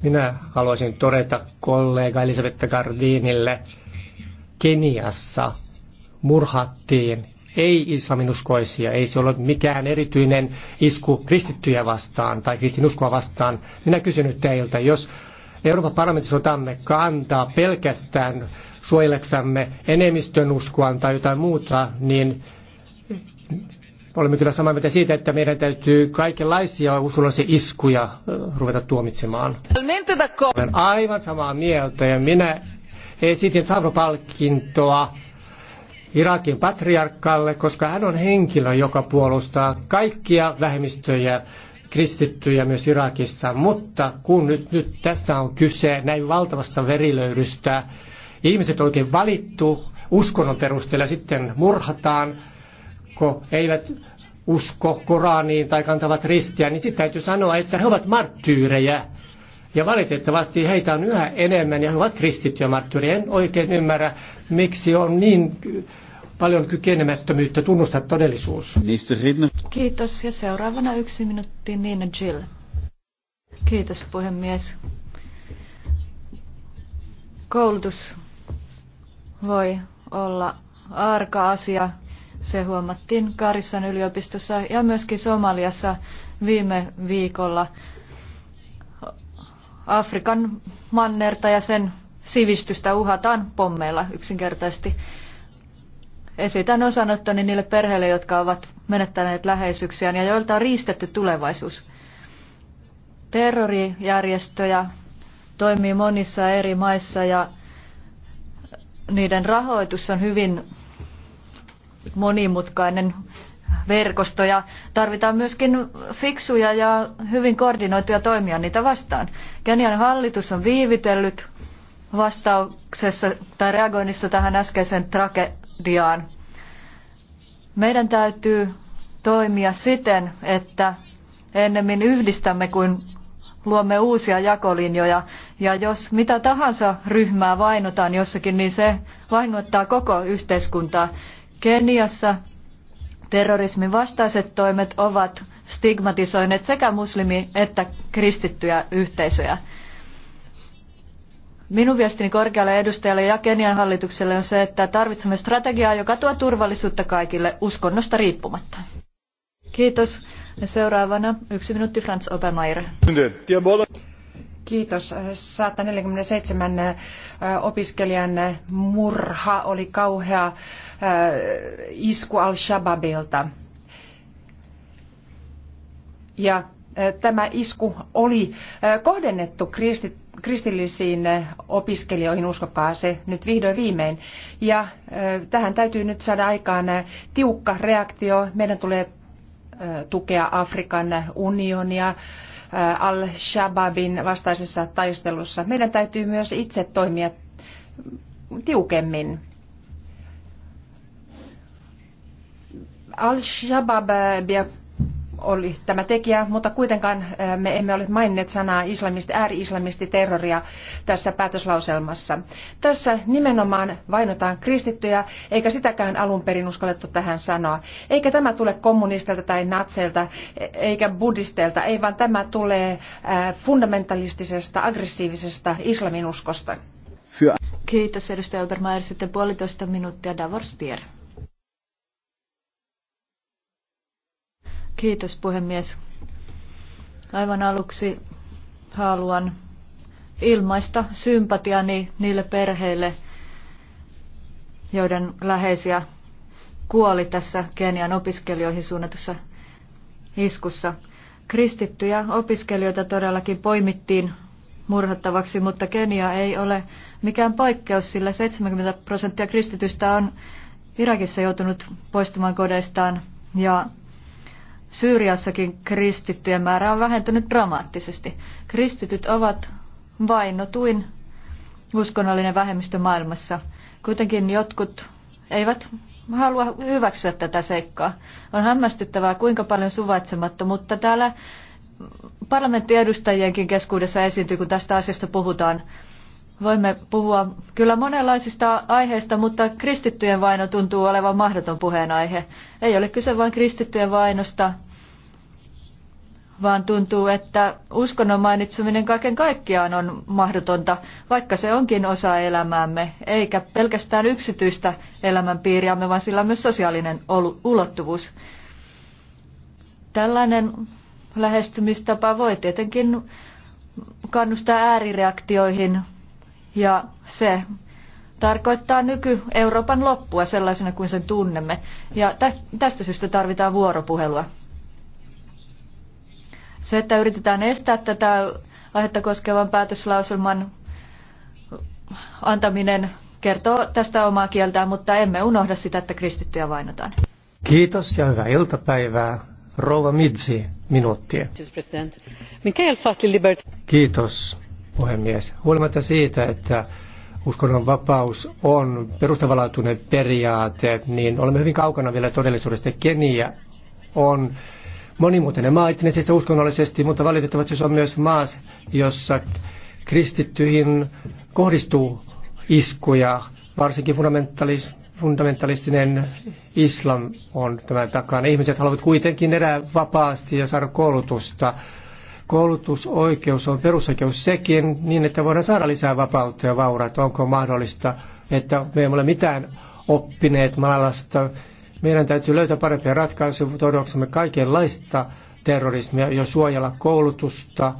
Minä haluaisin todeta kollega Elisabetta Gardinille, Keniassa murhattiin ei islaminuskoisia, ei se ole mikään erityinen isku kristittyjä vastaan tai kristinuskoa vastaan. Minä kysyn nyt teiltä, jos Euroopan parlamentissa otamme kantaa pelkästään suojeleksamme enemmistön uskoa tai jotain muuta, niin olemme kyllä samaa mieltä siitä, että meidän täytyy kaikenlaisia uskonnollisia iskuja ruveta tuomitsemaan. Olen aivan samaa mieltä ja minä esitin Savro-palkintoa Irakin patriarkalle, koska hän on henkilö, joka puolustaa kaikkia vähemmistöjä, kristittyjä myös Irakissa. Mutta kun nyt, nyt tässä on kyse näin valtavasta verilöydystä, ihmiset on oikein valittu uskonnon perusteella, sitten murhataan, jotka eivät usko Koraniin tai kantavat ristiä, niin sitten täytyy sanoa, että he ovat marttyyrejä. Ja valitettavasti heitä on yhä enemmän ja he ovat kristittyjä marttyyrejä. En oikein ymmärrä, miksi on niin paljon kykenemättömyyttä tunnustaa todellisuus. Kiitos ja seuraavana yksi minuutti Nina Jill. Kiitos puhemies. Koulutus voi olla arka asia se huomattiin Karissan yliopistossa ja myöskin Somaliassa viime viikolla Afrikan mannerta ja sen sivistystä uhataan pommeilla yksinkertaisesti. Esitän osanottoni niille perheille, jotka ovat menettäneet läheisyyksiään ja joilta on riistetty tulevaisuus. Terrorijärjestöjä toimii monissa eri maissa ja niiden rahoitus on hyvin monimutkainen verkosto ja tarvitaan myöskin fiksuja ja hyvin koordinoituja toimia niitä vastaan. Kenian hallitus on viivitellyt vastauksessa tai reagoinnissa tähän äskeiseen tragediaan. Meidän täytyy toimia siten, että ennemmin yhdistämme kuin luomme uusia jakolinjoja. Ja jos mitä tahansa ryhmää vainotaan jossakin, niin se vahingoittaa koko yhteiskuntaa. Keniassa terrorismin vastaiset toimet ovat stigmatisoineet sekä muslimi- että kristittyjä yhteisöjä. Minun viestini korkealle edustajalle ja Kenian hallitukselle on se, että tarvitsemme strategiaa, joka tuo turvallisuutta kaikille uskonnosta riippumatta. Kiitos. Ja seuraavana yksi minuutti Franz Obermeier. Kiitos. 147 opiskelijan murha oli kauhea isku al-Shababilta. Ja tämä isku oli kohdennettu kristit, kristillisiin opiskelijoihin, uskokaa se nyt vihdoin viimein. Ja tähän täytyy nyt saada aikaan tiukka reaktio. Meidän tulee tukea Afrikan unionia Äh, al-Shababin vastaisessa taistelussa. Meidän täytyy myös itse toimia tiukemmin. Al-Shabaab oli tämä tekijä, mutta kuitenkaan äh, me emme ole maininneet sanaa islamisti, ääri-islamisti terroria tässä päätöslauselmassa. Tässä nimenomaan vainotaan kristittyjä, eikä sitäkään alun perin uskallettu tähän sanoa. Eikä tämä tule kommunistilta tai natseilta, e-, eikä buddhisteilta, ei vaan tämä tulee äh, fundamentalistisesta, aggressiivisesta islaminuskosta. Kiitos edustaja Obermeier. Sitten puolitoista minuuttia Davor Stier. Kiitos puhemies. Aivan aluksi haluan ilmaista sympatiani niille perheille, joiden läheisiä kuoli tässä Kenian opiskelijoihin suunnatussa iskussa. Kristittyjä opiskelijoita todellakin poimittiin murhattavaksi, mutta Kenia ei ole mikään poikkeus, sillä 70 prosenttia kristitystä on Irakissa joutunut poistumaan kodeistaan ja Syyriassakin kristittyjen määrä on vähentynyt dramaattisesti. Kristityt ovat vainotuin uskonnollinen vähemmistö maailmassa. Kuitenkin jotkut eivät halua hyväksyä tätä seikkaa. On hämmästyttävää, kuinka paljon suvaitsemattomuutta täällä parlamenttiedustajienkin keskuudessa esiintyy, kun tästä asiasta puhutaan. Voimme puhua kyllä monenlaisista aiheista, mutta kristittyjen vaino tuntuu olevan mahdoton puheenaihe. Ei ole kyse vain kristittyjen vainosta, vaan tuntuu, että uskonnon mainitseminen kaiken kaikkiaan on mahdotonta, vaikka se onkin osa elämäämme, eikä pelkästään yksityistä elämänpiiriämme, vaan sillä on myös sosiaalinen ulottuvuus. Tällainen lähestymistapa voi tietenkin kannustaa äärireaktioihin, ja se tarkoittaa nyky-Euroopan loppua sellaisena kuin sen tunnemme. Ja tästä syystä tarvitaan vuoropuhelua. Se, että yritetään estää tätä aihetta koskevan päätöslauselman antaminen kertoo tästä omaa kieltään, mutta emme unohda sitä, että kristittyjä vainotaan. Kiitos ja hyvää iltapäivää. Rouva Midzi, minuuttia. Kiitos puhemies. Huolimatta siitä, että uskonnon vapaus on perustavanlaatuinen periaate, niin olemme hyvin kaukana vielä todellisuudesta. Kenia on monimuotoinen maa itsenäisesti uskonnollisesti, mutta valitettavasti se on myös maa, jossa kristittyihin kohdistuu iskuja, varsinkin fundamentalis, fundamentalistinen islam on tämän takana. Ihmiset haluavat kuitenkin elää vapaasti ja saada koulutusta Koulutusoikeus on perusoikeus sekin, niin että voidaan saada lisää vapautta ja vaurautta. Onko mahdollista, että me emme ole mitään oppineet maailmasta? Meidän täytyy löytää parempia ratkaisuja, torjuaksemme kaikenlaista terrorismia ja suojella koulutusta,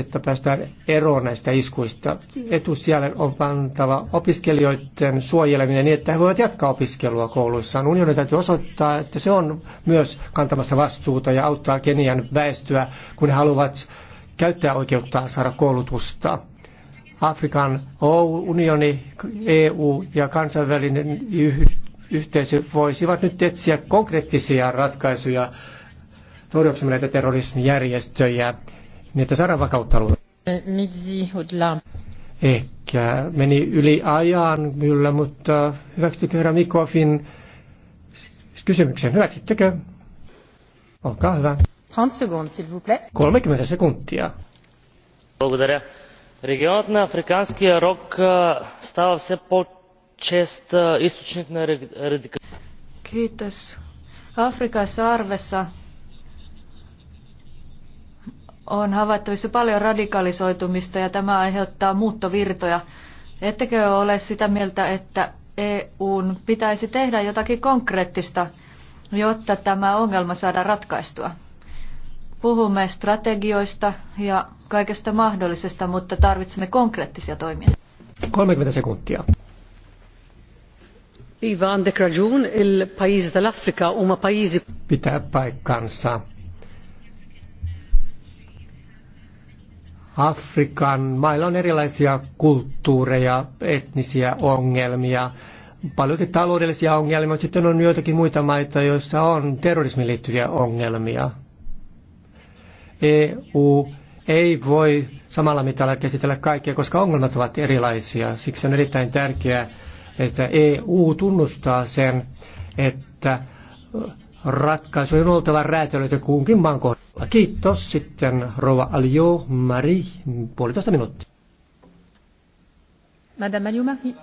että päästään eroon näistä iskuista. Etusijalle on pantava opiskelijoiden suojeleminen niin, että he voivat jatkaa opiskelua kouluissaan. Unionin täytyy osoittaa, että se on myös kantamassa vastuuta ja auttaa Kenian väestöä, kun he haluavat käyttää oikeuttaan saada koulutusta. Afrikan unioni, EU ja kansainvälinen yhteisö voisivat nyt etsiä konkreettisia ratkaisuja torjuaksemme näitä terrorismijärjestöjä niin että saadaan vakautta alueelle. Eh, Ehkä meni yli ajan kyllä, mutta hyväksyttekö herra Mikofin kysymyksen? Hyväksyttekö? Olkaa hyvä. 30 sekuntia, s'il vous plaît. 30 sekuntia. Благодаря. Регионът на Африканския рок става все по-чест източник на радикализация. Kiitos. Afrikassa arvessa on havaittavissa paljon radikalisoitumista ja tämä aiheuttaa muuttovirtoja. Ettekö ole sitä mieltä, että EUn pitäisi tehdä jotakin konkreettista, jotta tämä ongelma saadaan ratkaistua? Puhumme strategioista ja kaikesta mahdollisesta, mutta tarvitsemme konkreettisia toimia. 30 sekuntia. Ivan de raġun, il-pajizi tal-Afrika huma Pitää paikkansa Afrikan mailla on erilaisia kulttuureja, etnisiä ongelmia, paljon taloudellisia ongelmia, mutta sitten on joitakin muita maita, joissa on terrorismiin liittyviä ongelmia. EU ei voi samalla mitalla käsitellä kaikkea, koska ongelmat ovat erilaisia. Siksi on erittäin tärkeää, että EU tunnustaa sen, että ratkaisujen on oltava räätälöity kunkin maan kohdalla. Ah, kiitos. Sitten Rova Aljo Mari, puolitoista minuuttia. Madame Aljo Mari.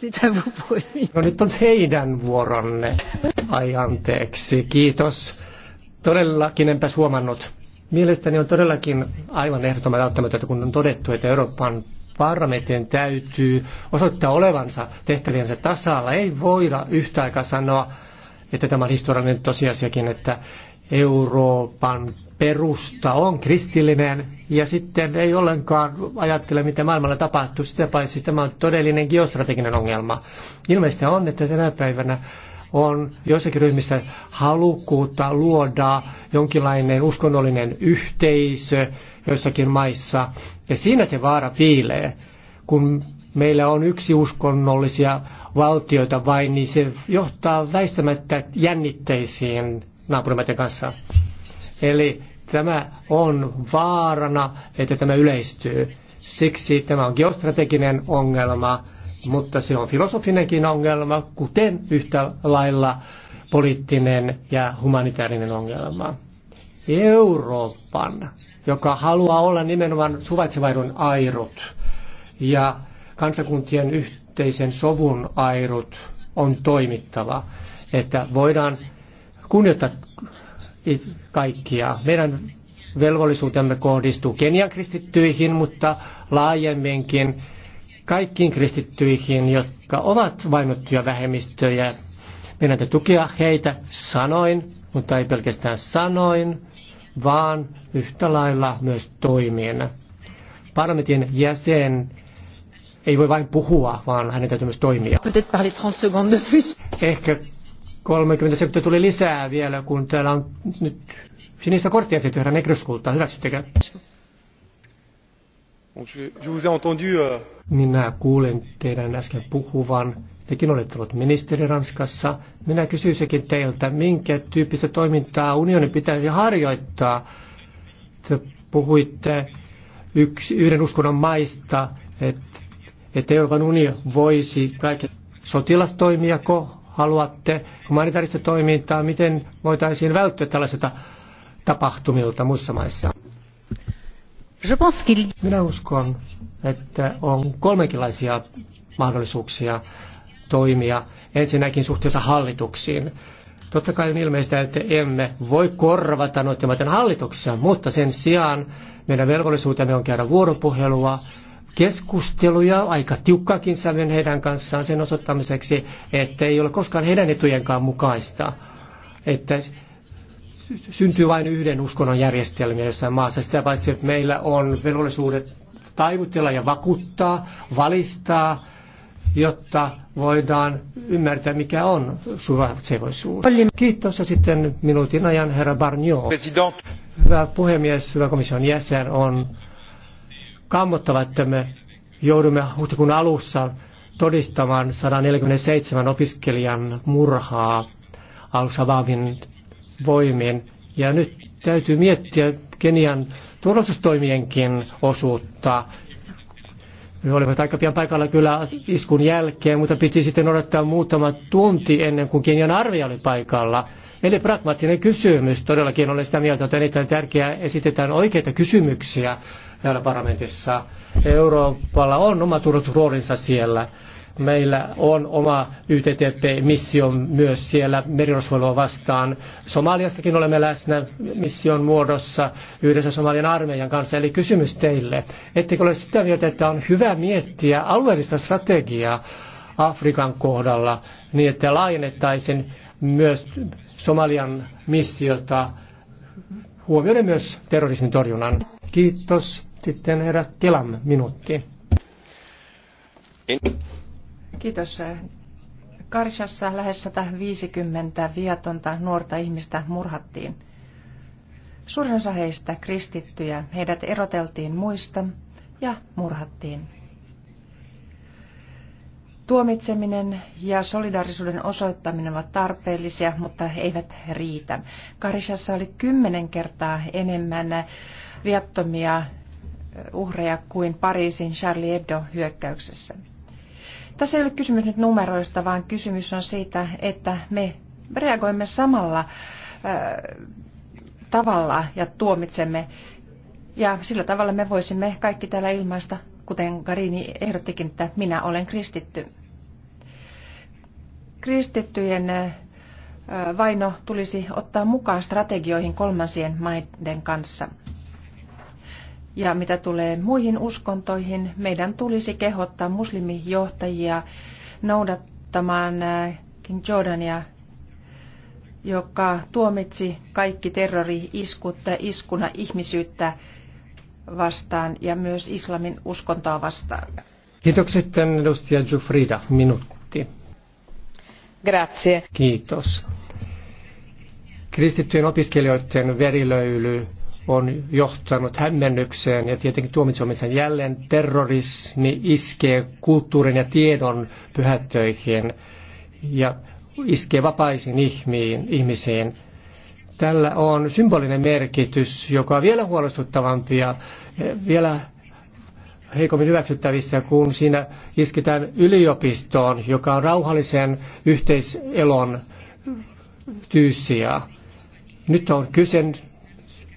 Sitä No nyt on teidän vuoronne. Ai anteeksi, kiitos. Todellakin enpäs huomannut. Mielestäni on todellakin aivan ehdottoman välttämätöntä, kun on todettu, että Euroopan parlamentin täytyy osoittaa olevansa tehtäviensä tasalla. Ei voida yhtä aikaa sanoa, että tämä on historiallinen tosiasiakin, että Euroopan perusta on kristillinen ja sitten ei ollenkaan ajattele, mitä maailmalla tapahtuu. Sitä paitsi tämä on todellinen geostrateginen ongelma. Ilmeisesti on, että tänä päivänä on joissakin ryhmissä halukkuutta luoda jonkinlainen uskonnollinen yhteisö joissakin maissa. Ja siinä se vaara piilee, kun meillä on yksi uskonnollisia valtioita vain, niin se johtaa väistämättä jännitteisiin naapurimaiden kanssa. Eli tämä on vaarana, että tämä yleistyy. Siksi tämä on geostrateginen ongelma, mutta se on filosofinenkin ongelma, kuten yhtä lailla poliittinen ja humanitaarinen ongelma. Euroopan, joka haluaa olla nimenomaan suvaitsevaidon airut ja kansakuntien yhteydessä, yhteisen sovun airut on toimittava, että voidaan kunnioittaa kaikkia. Meidän velvollisuutemme kohdistuu Kenian kristittyihin, mutta laajemminkin kaikkiin kristittyihin, jotka ovat vainottuja vähemmistöjä. Meidän täytyy tukea heitä sanoin, mutta ei pelkästään sanoin, vaan yhtä lailla myös toimien. Parlamentin jäsen ei voi vain puhua, vaan hänen täytyy myös toimia. Ehkä 30 sekuntia tuli lisää vielä, kun täällä on nyt sinistä korttia esitetty herra Negryskulta. Hyväksyttekö? Euh, Minä kuulin teidän äsken puhuvan. Tekin olette ollut ministeri Ranskassa. Minä kysyisinkin teiltä, minkä tyyppistä toimintaa unioni pitäisi harjoittaa. Te puhuitte yksi, yhden uskonnon maista, että että Euroopan unioni voisi kaiken sotilastoimiako haluatte, humanitaarista toimintaa, miten voitaisiin välttyä tällaisilta tapahtumilta muissa maissa? Minä uskon, että on kolmekinlaisia mahdollisuuksia toimia. Ensinnäkin suhteessa hallituksiin. Totta kai on ilmeistä, että emme voi korvata noiden hallituksia, mutta sen sijaan meidän velvollisuutemme on käydä vuoropuhelua keskusteluja, aika tiukkaakin sävyn heidän kanssaan sen osoittamiseksi, että ei ole koskaan heidän etujenkaan mukaista, että syntyy vain yhden uskonnon järjestelmiä jossain maassa. Sitä paitsi, että meillä on velvollisuudet taivutella ja vakuuttaa, valistaa, jotta voidaan ymmärtää, mikä on suvaitsevaisuus. Kiitos ja sitten minuutin ajan herra Barnio. Hyvä puhemies, hyvä komission jäsen on kammottava, että me joudumme huhtikuun alussa todistamaan 147 opiskelijan murhaa Al-Shabaabin voimin. Ja nyt täytyy miettiä Kenian turvallisuustoimienkin osuutta. Me olivat aika pian paikalla kyllä iskun jälkeen, mutta piti sitten odottaa muutama tunti ennen kuin Kenian arvio oli paikalla. Eli pragmaattinen kysymys. Todellakin olen sitä mieltä, että on erittäin tärkeää esitetään oikeita kysymyksiä täällä parlamentissa. Euroopalla on oma turvallisuusroolinsa siellä. Meillä on oma YTTP-missio myös siellä merirosvoilua vastaan. Somaliassakin olemme läsnä mission muodossa yhdessä Somalian armeijan kanssa. Eli kysymys teille, ettekö ole sitä mieltä, että on hyvä miettiä alueellista strategiaa Afrikan kohdalla niin, että laajennettaisiin myös Somalian missiota huomioiden myös terrorismin torjunnan. Kiitos. Sitten herra Kelam minuutti. Kiitos. Karshassa lähes 150 viatonta nuorta ihmistä murhattiin. Suurin osa heistä kristittyjä, heidät eroteltiin muista ja murhattiin. Tuomitseminen ja solidaarisuuden osoittaminen ovat tarpeellisia, mutta eivät riitä. Karishassa oli kymmenen kertaa enemmän viattomia uhreja kuin Pariisin Charlie Hebdo-hyökkäyksessä. Tässä ei ole kysymys nyt numeroista, vaan kysymys on siitä, että me reagoimme samalla tavalla ja tuomitsemme. Ja sillä tavalla me voisimme kaikki täällä ilmaista, kuten Karini ehdottikin, että minä olen kristitty. Kristittyjen vaino tulisi ottaa mukaan strategioihin kolmansien maiden kanssa. Ja mitä tulee muihin uskontoihin, meidän tulisi kehottaa muslimijohtajia noudattamaan King Jordania, joka tuomitsi kaikki terrori-iskut iskuna ihmisyyttä vastaan ja myös islamin uskontoa vastaan. Kiitokset edustaja Jufrida. Minuutti. Grazie. Kiitos. Kristittyjen opiskelijoiden verilöyly on johtanut hämmennykseen ja tietenkin tuomitsemisen jälleen terrorismi iskee kulttuurin ja tiedon pyhättöihin ja iskee vapaisiin ihmiin, ihmisiin. Tällä on symbolinen merkitys, joka on vielä huolestuttavampi ja eh, vielä heikommin hyväksyttävissä, kun siinä isketään yliopistoon, joka on rauhallisen yhteiselon tyyssiä. Nyt on kyse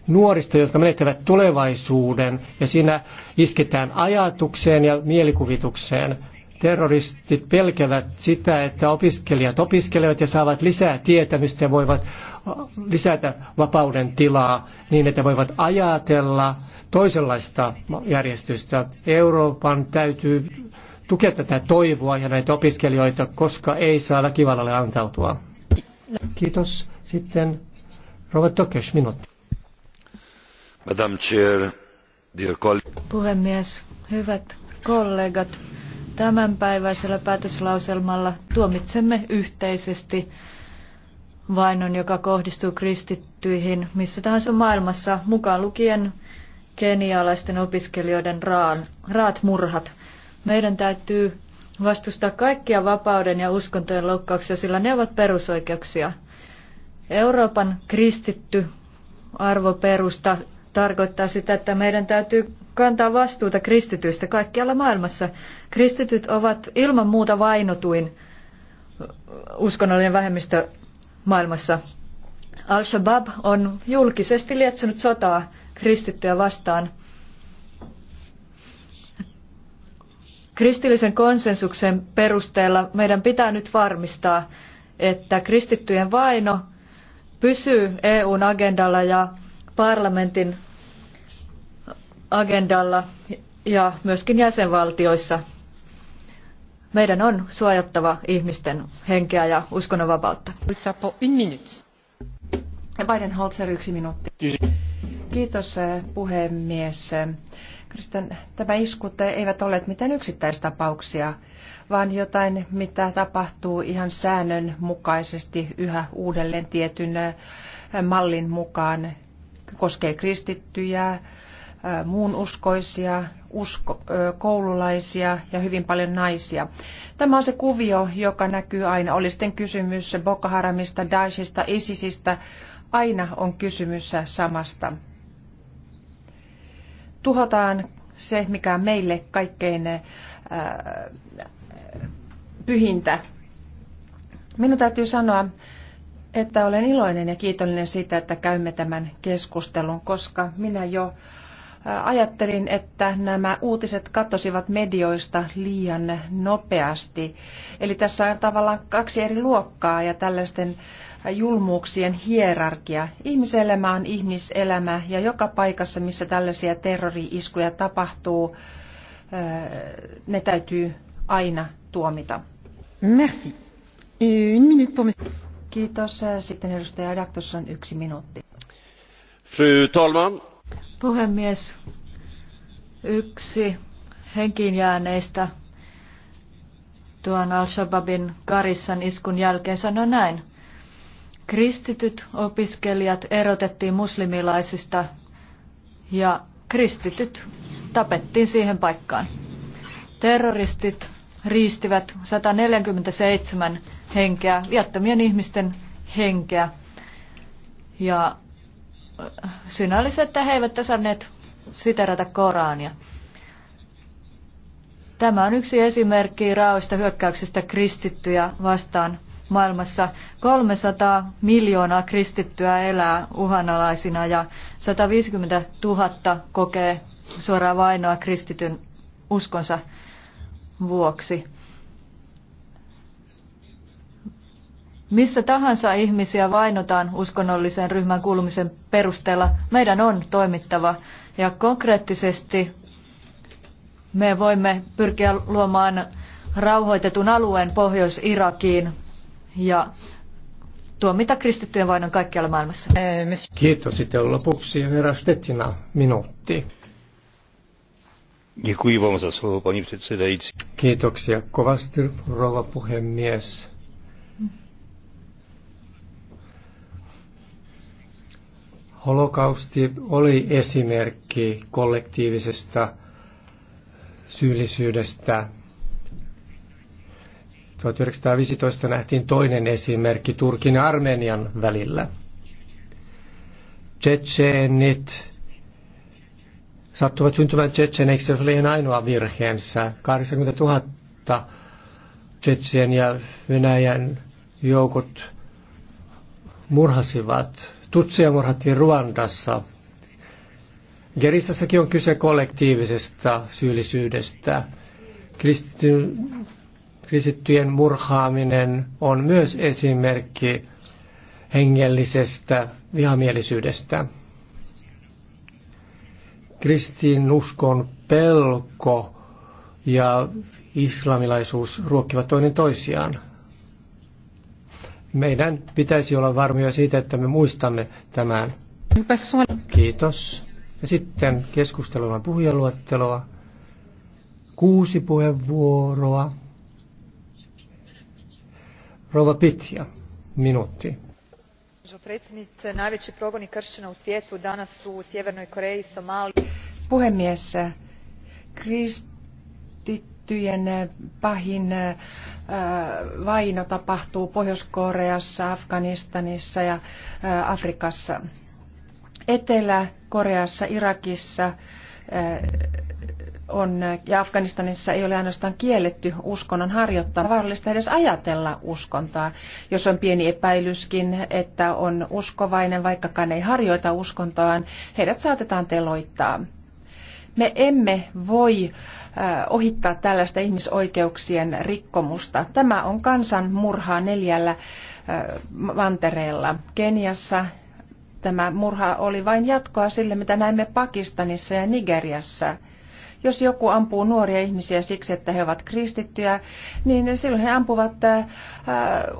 nuorista, jotka menettävät tulevaisuuden, ja siinä isketään ajatukseen ja mielikuvitukseen. Terroristit pelkävät sitä, että opiskelijat opiskelevat ja saavat lisää tietämystä ja voivat lisätä vapauden tilaa niin, että voivat ajatella toisenlaista järjestystä. Euroopan täytyy tukea tätä toivoa ja näitä opiskelijoita, koska ei saa väkivallalle antautua. Kiitos. Sitten Robert Tokes, minuutti. Madam Chair, dear Puhemies, hyvät kollegat, tämänpäiväisellä päätöslauselmalla tuomitsemme yhteisesti vainon, joka kohdistuu kristittyihin missä tahansa maailmassa, mukaan lukien kenialaisten opiskelijoiden raan, raat murhat. Meidän täytyy vastustaa kaikkia vapauden ja uskontojen loukkauksia, sillä ne ovat perusoikeuksia. Euroopan kristitty arvoperusta tarkoittaa sitä, että meidän täytyy kantaa vastuuta kristityistä kaikkialla maailmassa. Kristityt ovat ilman muuta vainotuin uskonnollinen vähemmistö maailmassa. Al-Shabaab on julkisesti lietsonut sotaa kristittyjä vastaan. Kristillisen konsensuksen perusteella meidän pitää nyt varmistaa, että kristittyjen vaino pysyy EUn agendalla ja parlamentin agendalla ja myöskin jäsenvaltioissa – meidän on suojattava ihmisten henkeä ja uskonnonvapautta. Biden Holzer, yksi minuutti. Kiitos eh, puhemies. Kristen, tämä iskut eivät ole mitään yksittäistapauksia, vaan jotain, mitä tapahtuu ihan säännönmukaisesti yhä uudelleen tietyn eh, mallin mukaan. Koskee kristittyjä, muunuskoisia, usko, koululaisia ja hyvin paljon naisia. Tämä on se kuvio, joka näkyy aina. Oli sitten kysymys Boko Haramista, Daeshista, Isisistä. Aina on kysymys samasta. Tuhotaan se, mikä on meille kaikkein äh, pyhintä. Minun täytyy sanoa, että olen iloinen ja kiitollinen siitä, että käymme tämän keskustelun, koska minä jo äh, Ajattelin, että nämä uutiset katosivat medioista liian nopeasti. Eli tässä on tavallaan kaksi eri luokkaa ja tällaisten julmuuksien hierarkia. Ihmiselämä on ihmiselämä ja joka paikassa, missä tällaisia terrori-iskuja tapahtuu, ne täytyy aina tuomita. Merci. Une minute pour Kiitos. Sitten edustaja on yksi minuutti. Fru talman. Puhemies, yksi henkiin jääneistä tuon Al-Shababin Karissan iskun jälkeen sanoi näin. Kristityt opiskelijat erotettiin muslimilaisista ja kristityt tapettiin siihen paikkaan. Terroristit riistivät 147 henkeä, viattomien ihmisten henkeä ja syynä oli se, että he eivät osanneet siterata Korania. Tämä on yksi esimerkki raoista hyökkäyksistä kristittyjä vastaan maailmassa. 300 miljoonaa kristittyä elää uhanalaisina ja 150 000 kokee suoraa vainoa kristityn uskonsa vuoksi. Missä tahansa ihmisiä vainotaan uskonnollisen ryhmän kuulumisen perusteella, meidän on toimittava. Ja konkreettisesti me voimme pyrkiä luomaan rauhoitetun alueen Pohjois-Irakiin ja tuomita kristittyjen vainon kaikkialla maailmassa. Kiitos. Sitten lopuksi herra Stettina, minuutti. Kiitoksia kovasti, rouva puhemies. Holokausti oli esimerkki kollektiivisesta syyllisyydestä. 1915 nähtiin toinen esimerkki Turkin ja Armenian välillä. Tsetseenit sattuvat syntymään tsetseeneiksi, se oli ihan ainoa virheensä. 80 000 Tsetseen ja Venäjän joukot murhasivat tutsia murhattiin Ruandassa. Gerissassakin on kyse kollektiivisesta syyllisyydestä. Kristy, kristittyjen murhaaminen on myös esimerkki hengellisestä vihamielisyydestä. Kristinuskon pelko ja islamilaisuus ruokkivat toinen toisiaan meidän pitäisi olla varmoja siitä, että me muistamme tämän. Kiitos. Ja sitten keskustelua puhujaluetteloa. Kuusi puheenvuoroa. Rova Pitja, minuutti. predsjednice, najveći progoni kršćana u svijetu danas su u Sjevernoj Koreji, Somaliji. Puhemies, kristit kristittyjen eh, pahin eh, eh, vaino tapahtuu Pohjois-Koreassa, Afganistanissa ja Afrikassa. Etelä-Koreassa, Irakissa on, ja Afganistanissa ei ole ainoastaan kielletty uskonnon harjoittaa, vaarallista edes ajatella uskontaa, jos on pieni epäilyskin, että on uskovainen, vaikkakaan ei harjoita uskontoaan, heidät saatetaan teloittaa. Me emme voi äh, ohittaa tällaista ihmisoikeuksien rikkomusta. Tämä on kansan murhaa neljällä äh, mantereella. Keniassa tämä murha oli vain jatkoa sille, mitä näimme Pakistanissa ja Nigeriassa – jos joku ampuu nuoria ihmisiä siksi, että he ovat kristittyjä, niin silloin he ampuvat äh, äh,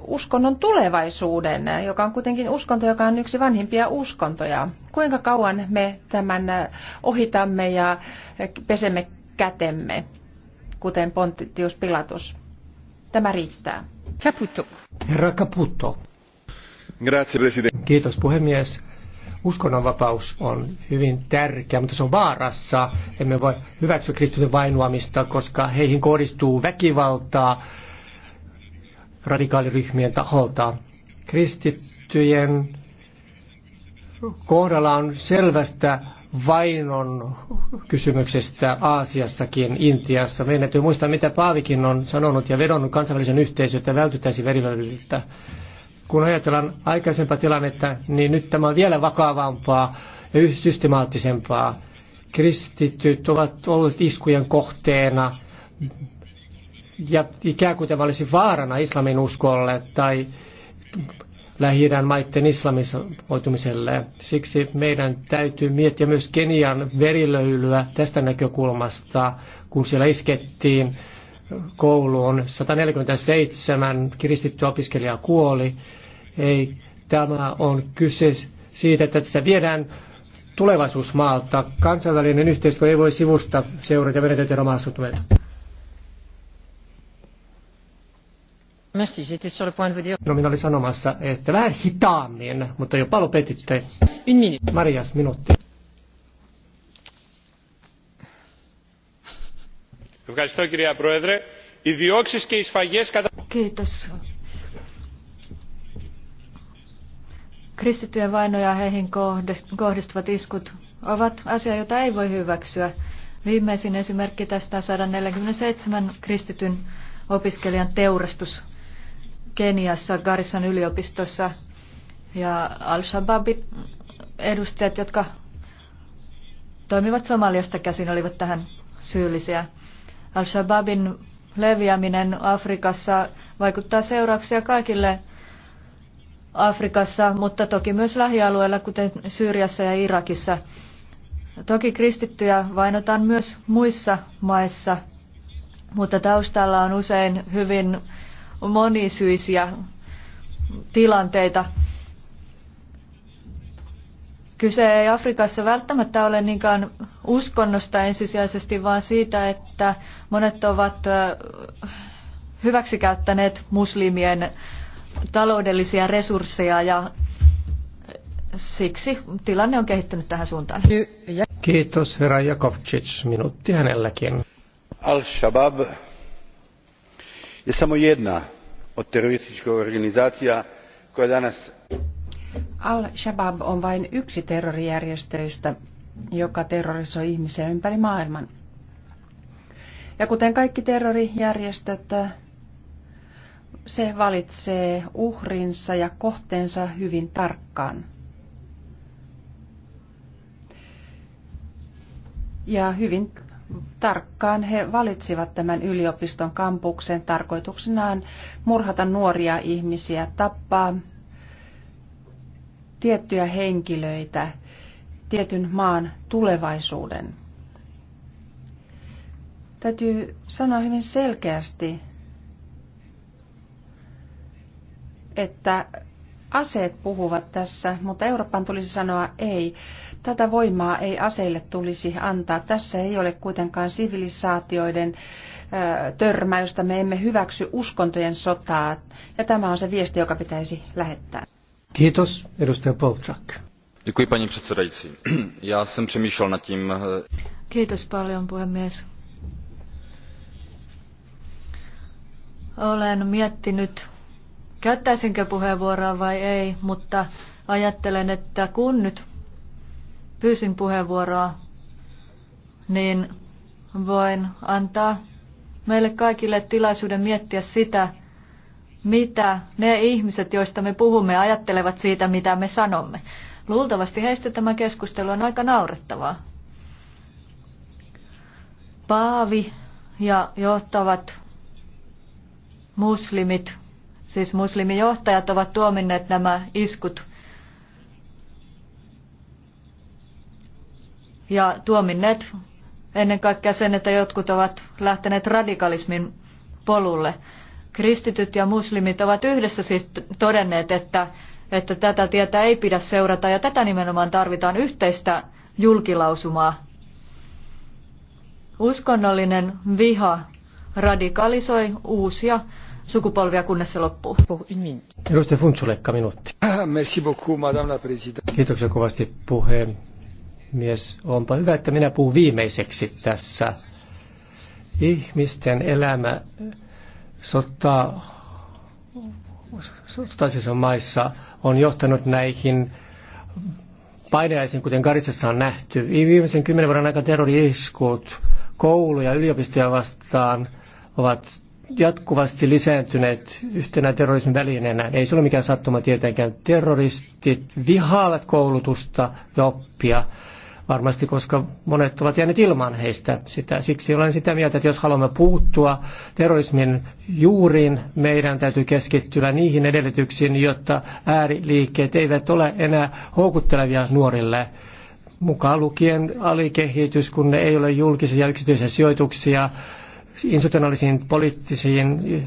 uskonnon tulevaisuuden, joka on kuitenkin uskonto, joka on yksi vanhimpia uskontoja. Kuinka kauan me tämän äh, ohitamme ja pesemme kätemme, kuten Pontius Pilatus? Tämä riittää. Caputo. Herra Caputo. Grazie, Kiitos puhemies. Uskonnonvapaus on hyvin tärkeä, mutta se on vaarassa. Emme voi hyväksyä kristityn vainoamista, koska heihin kohdistuu väkivaltaa radikaaliryhmien taholta. Kristittyjen kohdalla on selvästä vainon kysymyksestä Aasiassakin, Intiassa. Meidän täytyy muistaa, mitä Paavikin on sanonut ja vedonnut kansainvälisen yhteisön, että vältyttäisiin verilöydyltä kun ajatellaan aikaisempaa tilannetta, niin nyt tämä on vielä vakavampaa ja systemaattisempaa. Kristityt ovat olleet iskujen kohteena ja ikään kuin tämä olisi vaarana islamin uskolle tai lähi maiden islamisoitumiselle. Siksi meidän täytyy miettiä myös Kenian verilöylyä tästä näkökulmasta, kun siellä iskettiin kouluun. 147 kiristittyä opiskelijaa kuoli. Ei, tämä on kyse siitä, että tässä viedään tulevaisuusmaalta Kansainvälinen yhteistyö ei voi sivusta seurata menetettyjä romahdustuneita. Merci, j'étais sur le point de vous dire. No, minä olin sanomassa, että vähän hitaammin, mutta jopa lopetitte. Une minute. Marias, minuutti. Kiitos. Kristittyjen vainoja heihin kohdistuvat iskut ovat asia, jota ei voi hyväksyä. Viimeisin esimerkki tästä on 147 kristityn opiskelijan teurastus Keniassa Garissan yliopistossa. Ja Al-Shabaabin edustajat, jotka toimivat Somaliasta käsin, olivat tähän syyllisiä. Al-Shabaabin leviäminen Afrikassa vaikuttaa seurauksia kaikille Afrikassa, mutta toki myös lähialueilla, kuten Syyriassa ja Irakissa. Toki kristittyjä vainotaan myös muissa maissa, mutta taustalla on usein hyvin monisyisiä tilanteita. Kyse ei Afrikassa välttämättä ole niinkään uskonnosta ensisijaisesti, vaan siitä, että monet ovat hyväksikäyttäneet muslimien taloudellisia resursseja ja siksi tilanne on kehittynyt tähän suuntaan. Kiitos herra Jakovcic, minuutti hänelläkin. Al-Shabaab ja samo jedna od organisaatioista organizacija koja danas Al-Shabaab on vain yksi terrorijärjestöistä, joka terrorisoi ihmisiä ympäri maailman. Ja kuten kaikki terrorijärjestöt, se valitsee uhrinsa ja kohteensa hyvin tarkkaan. Ja hyvin tarkkaan he valitsivat tämän yliopiston kampuksen tarkoituksenaan murhata nuoria ihmisiä, tappaa tiettyjä henkilöitä tietyn maan tulevaisuuden. Täytyy sanoa hyvin selkeästi, että aseet puhuvat tässä, mutta Euroopan tulisi sanoa ei. Tätä voimaa ei aseille tulisi antaa. Tässä ei ole kuitenkaan sivilisaatioiden törmäystä. Me emme hyväksy uskontojen sotaa. Ja tämä on se viesti, joka pitäisi lähettää. Kiitos, paní předsedající. *clears throat* Já jsem přemýšlel nad tím... Eh, Kiitos Olen miettinyt, käyttäisinkö puheenvuoroa vai ei, mutta ajattelen, että kun nyt pyysin puheenvuoroa, niin voin antaa meille kaikille tilaisuuden miettiä sitä, mitä ne ihmiset, joista me puhumme, ajattelevat siitä, mitä me sanomme. Luultavasti heistä tämä keskustelu on aika naurettavaa. Paavi ja johtavat muslimit, siis muslimijohtajat ovat tuominneet nämä iskut ja tuominneet ennen kaikkea sen, että jotkut ovat lähteneet radikalismin polulle. Kristityt ja muslimit ovat yhdessä siis todenneet, että, että tätä tietä ei pidä seurata ja tätä nimenomaan tarvitaan yhteistä julkilausumaa. Uskonnollinen viha radikalisoi uusia sukupolvia, kunnes se loppuu. Edustaja Funtsulekka, minuutti. Merci beaucoup, madame la présidente. Kiitoksia kovasti puhemies. Onpa hyvä, että minä puhun viimeiseksi tässä. Ihmisten elämä sota sotaisissa maissa on johtanut näihin painajaisiin, kuten Karisessa on nähty. Viimeisen kymmenen vuoden aikana terrori-iskut kouluja yliopistoja vastaan ovat jatkuvasti lisääntyneet yhtenä terrorismin välineenä. Ei se ole mikään sattuma tietenkään. Terroristit vihaavat koulutusta ja oppia varmasti, koska monet ovat jääneet ilman heistä sitä. Siksi olen sitä mieltä, että jos haluamme puuttua terrorismin juuriin, meidän täytyy keskittyä niihin edellytyksiin, jotta ääriliikkeet eivät ole enää houkuttelevia nuorille mukaan lukien alikehitys, kun ne ei ole julkisia ja yksityisiä sijoituksia institutionaalisiin poliittisiin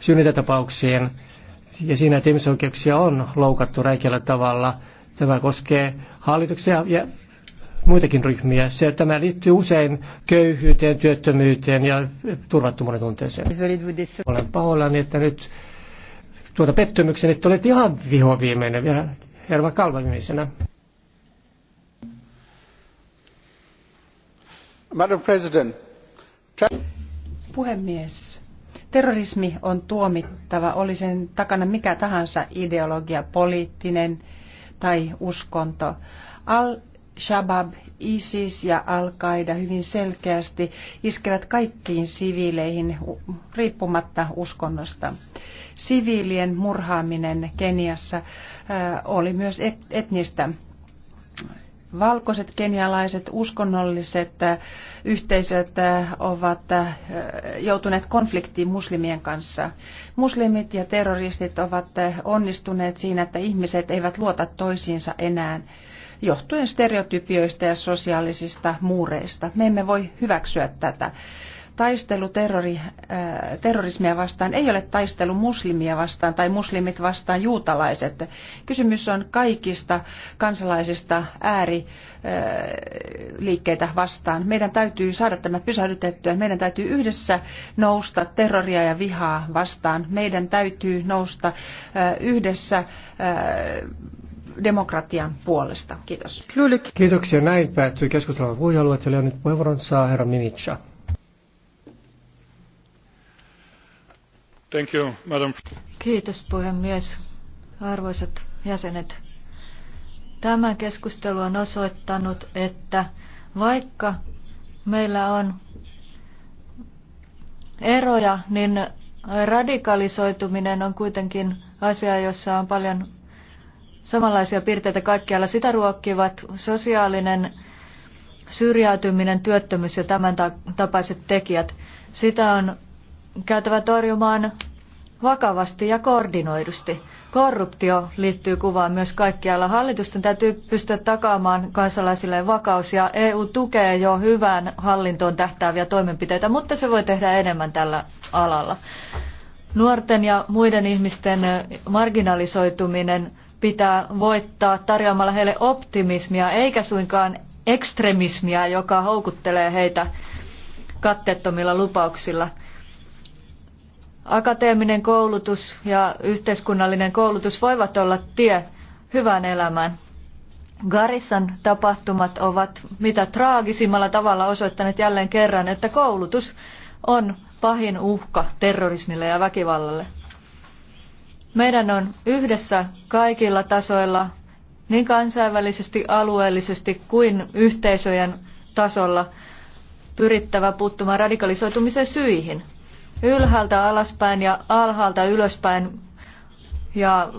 synnytätapauksiin Ja siinä, että ihmisoikeuksia on loukattu räikeällä tavalla. Tämä koskee hallituksia ja muitakin ryhmiä. Se, tämä liittyy usein köyhyyteen, työttömyyteen ja turvattomuuden tunteeseen. Olen pahoillani, että nyt tuota pettymyksen, että olet ihan vihoviimeinen vielä Herva Kalvavimisenä. Madam President. Puhemies. Terrorismi on tuomittava, oli sen takana mikä tahansa ideologia, poliittinen tai uskonto. Al Shabab, ISIS ja Al-Qaida hyvin selkeästi iskevät kaikkiin siviileihin riippumatta uskonnosta. Siviilien murhaaminen Keniassa oli myös etnistä valkoiset kenialaiset uskonnolliset yhteisöt ovat joutuneet konfliktiin muslimien kanssa. Muslimit ja terroristit ovat onnistuneet siinä, että ihmiset eivät luota toisiinsa enää johtuen stereotypioista ja sosiaalisista muureista. Me emme voi hyväksyä tätä. Taistelu terrori, äh, terrorismia vastaan ei ole taistelu muslimia vastaan tai muslimit vastaan juutalaiset. Kysymys on kaikista kansalaisista ääriliikkeitä äh, vastaan. Meidän täytyy saada tämä pysäytettyä. Meidän täytyy yhdessä nousta terroria ja vihaa vastaan. Meidän täytyy nousta äh, yhdessä äh, demokratian puolesta. Kiitos. Kiitoksia. Näin päättyy keskustelun puheenjohtaja. ja nyt puheenvuoron saa herra Minitsa. Thank you, madam. Kiitos puhemies. Arvoisat jäsenet, tämä keskustelu on osoittanut, että vaikka meillä on eroja, niin radikalisoituminen on kuitenkin asia, jossa on paljon samanlaisia piirteitä kaikkialla. Sitä ruokkivat sosiaalinen syrjäytyminen, työttömyys ja tämän tapaiset tekijät. Sitä on käytävä torjumaan vakavasti ja koordinoidusti. Korruptio liittyy kuvaan myös kaikkialla. Hallitusten täytyy pystyä takaamaan kansalaisille vakaus ja EU tukee jo hyvään hallintoon tähtääviä toimenpiteitä, mutta se voi tehdä enemmän tällä alalla. Nuorten ja muiden ihmisten marginalisoituminen pitää voittaa tarjoamalla heille optimismia eikä suinkaan ekstremismiä, joka houkuttelee heitä katteettomilla lupauksilla. Akateeminen koulutus ja yhteiskunnallinen koulutus voivat olla tie hyvään elämään. Garissan tapahtumat ovat mitä traagisimmalla tavalla osoittaneet jälleen kerran, että koulutus on pahin uhka terrorismille ja väkivallalle. Meidän on yhdessä kaikilla tasoilla, niin kansainvälisesti, alueellisesti kuin yhteisöjen tasolla, pyrittävä puuttumaan radikalisoitumisen syihin. Ylhäältä alaspäin ja alhaalta ylöspäin ja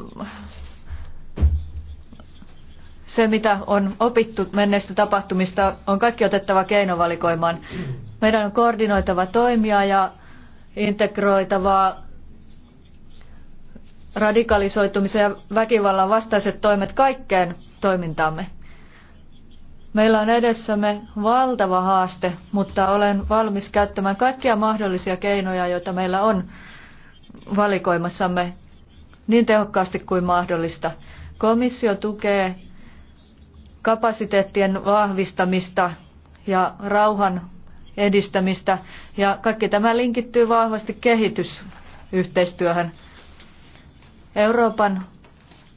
se, mitä on opittu menneistä tapahtumista, on kaikki otettava keinovalikoimaan. Meidän on koordinoitava toimia ja integroitava radikalisoitumisen ja väkivallan vastaiset toimet kaikkeen toimintaamme. Meillä on edessämme valtava haaste, mutta olen valmis käyttämään kaikkia mahdollisia keinoja, joita meillä on valikoimassamme niin tehokkaasti kuin mahdollista. Komissio tukee kapasiteettien vahvistamista ja rauhan edistämistä ja kaikki tämä linkittyy vahvasti kehitysyhteistyöhön. Euroopan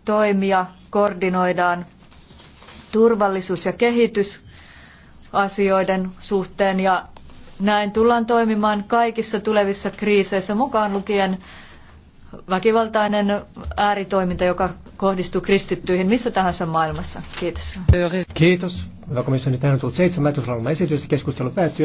toimia koordinoidaan turvallisuus- ja kehitysasioiden suhteen ja näin tullaan toimimaan kaikissa tulevissa kriiseissä mukaan lukien väkivaltainen ääritoiminta, joka kohdistuu kristittyihin missä tahansa maailmassa. Kiitos. Kiitos. Hyvä komissio, nyt on tullut seitsemän esitystä. Keskustelu päättyy.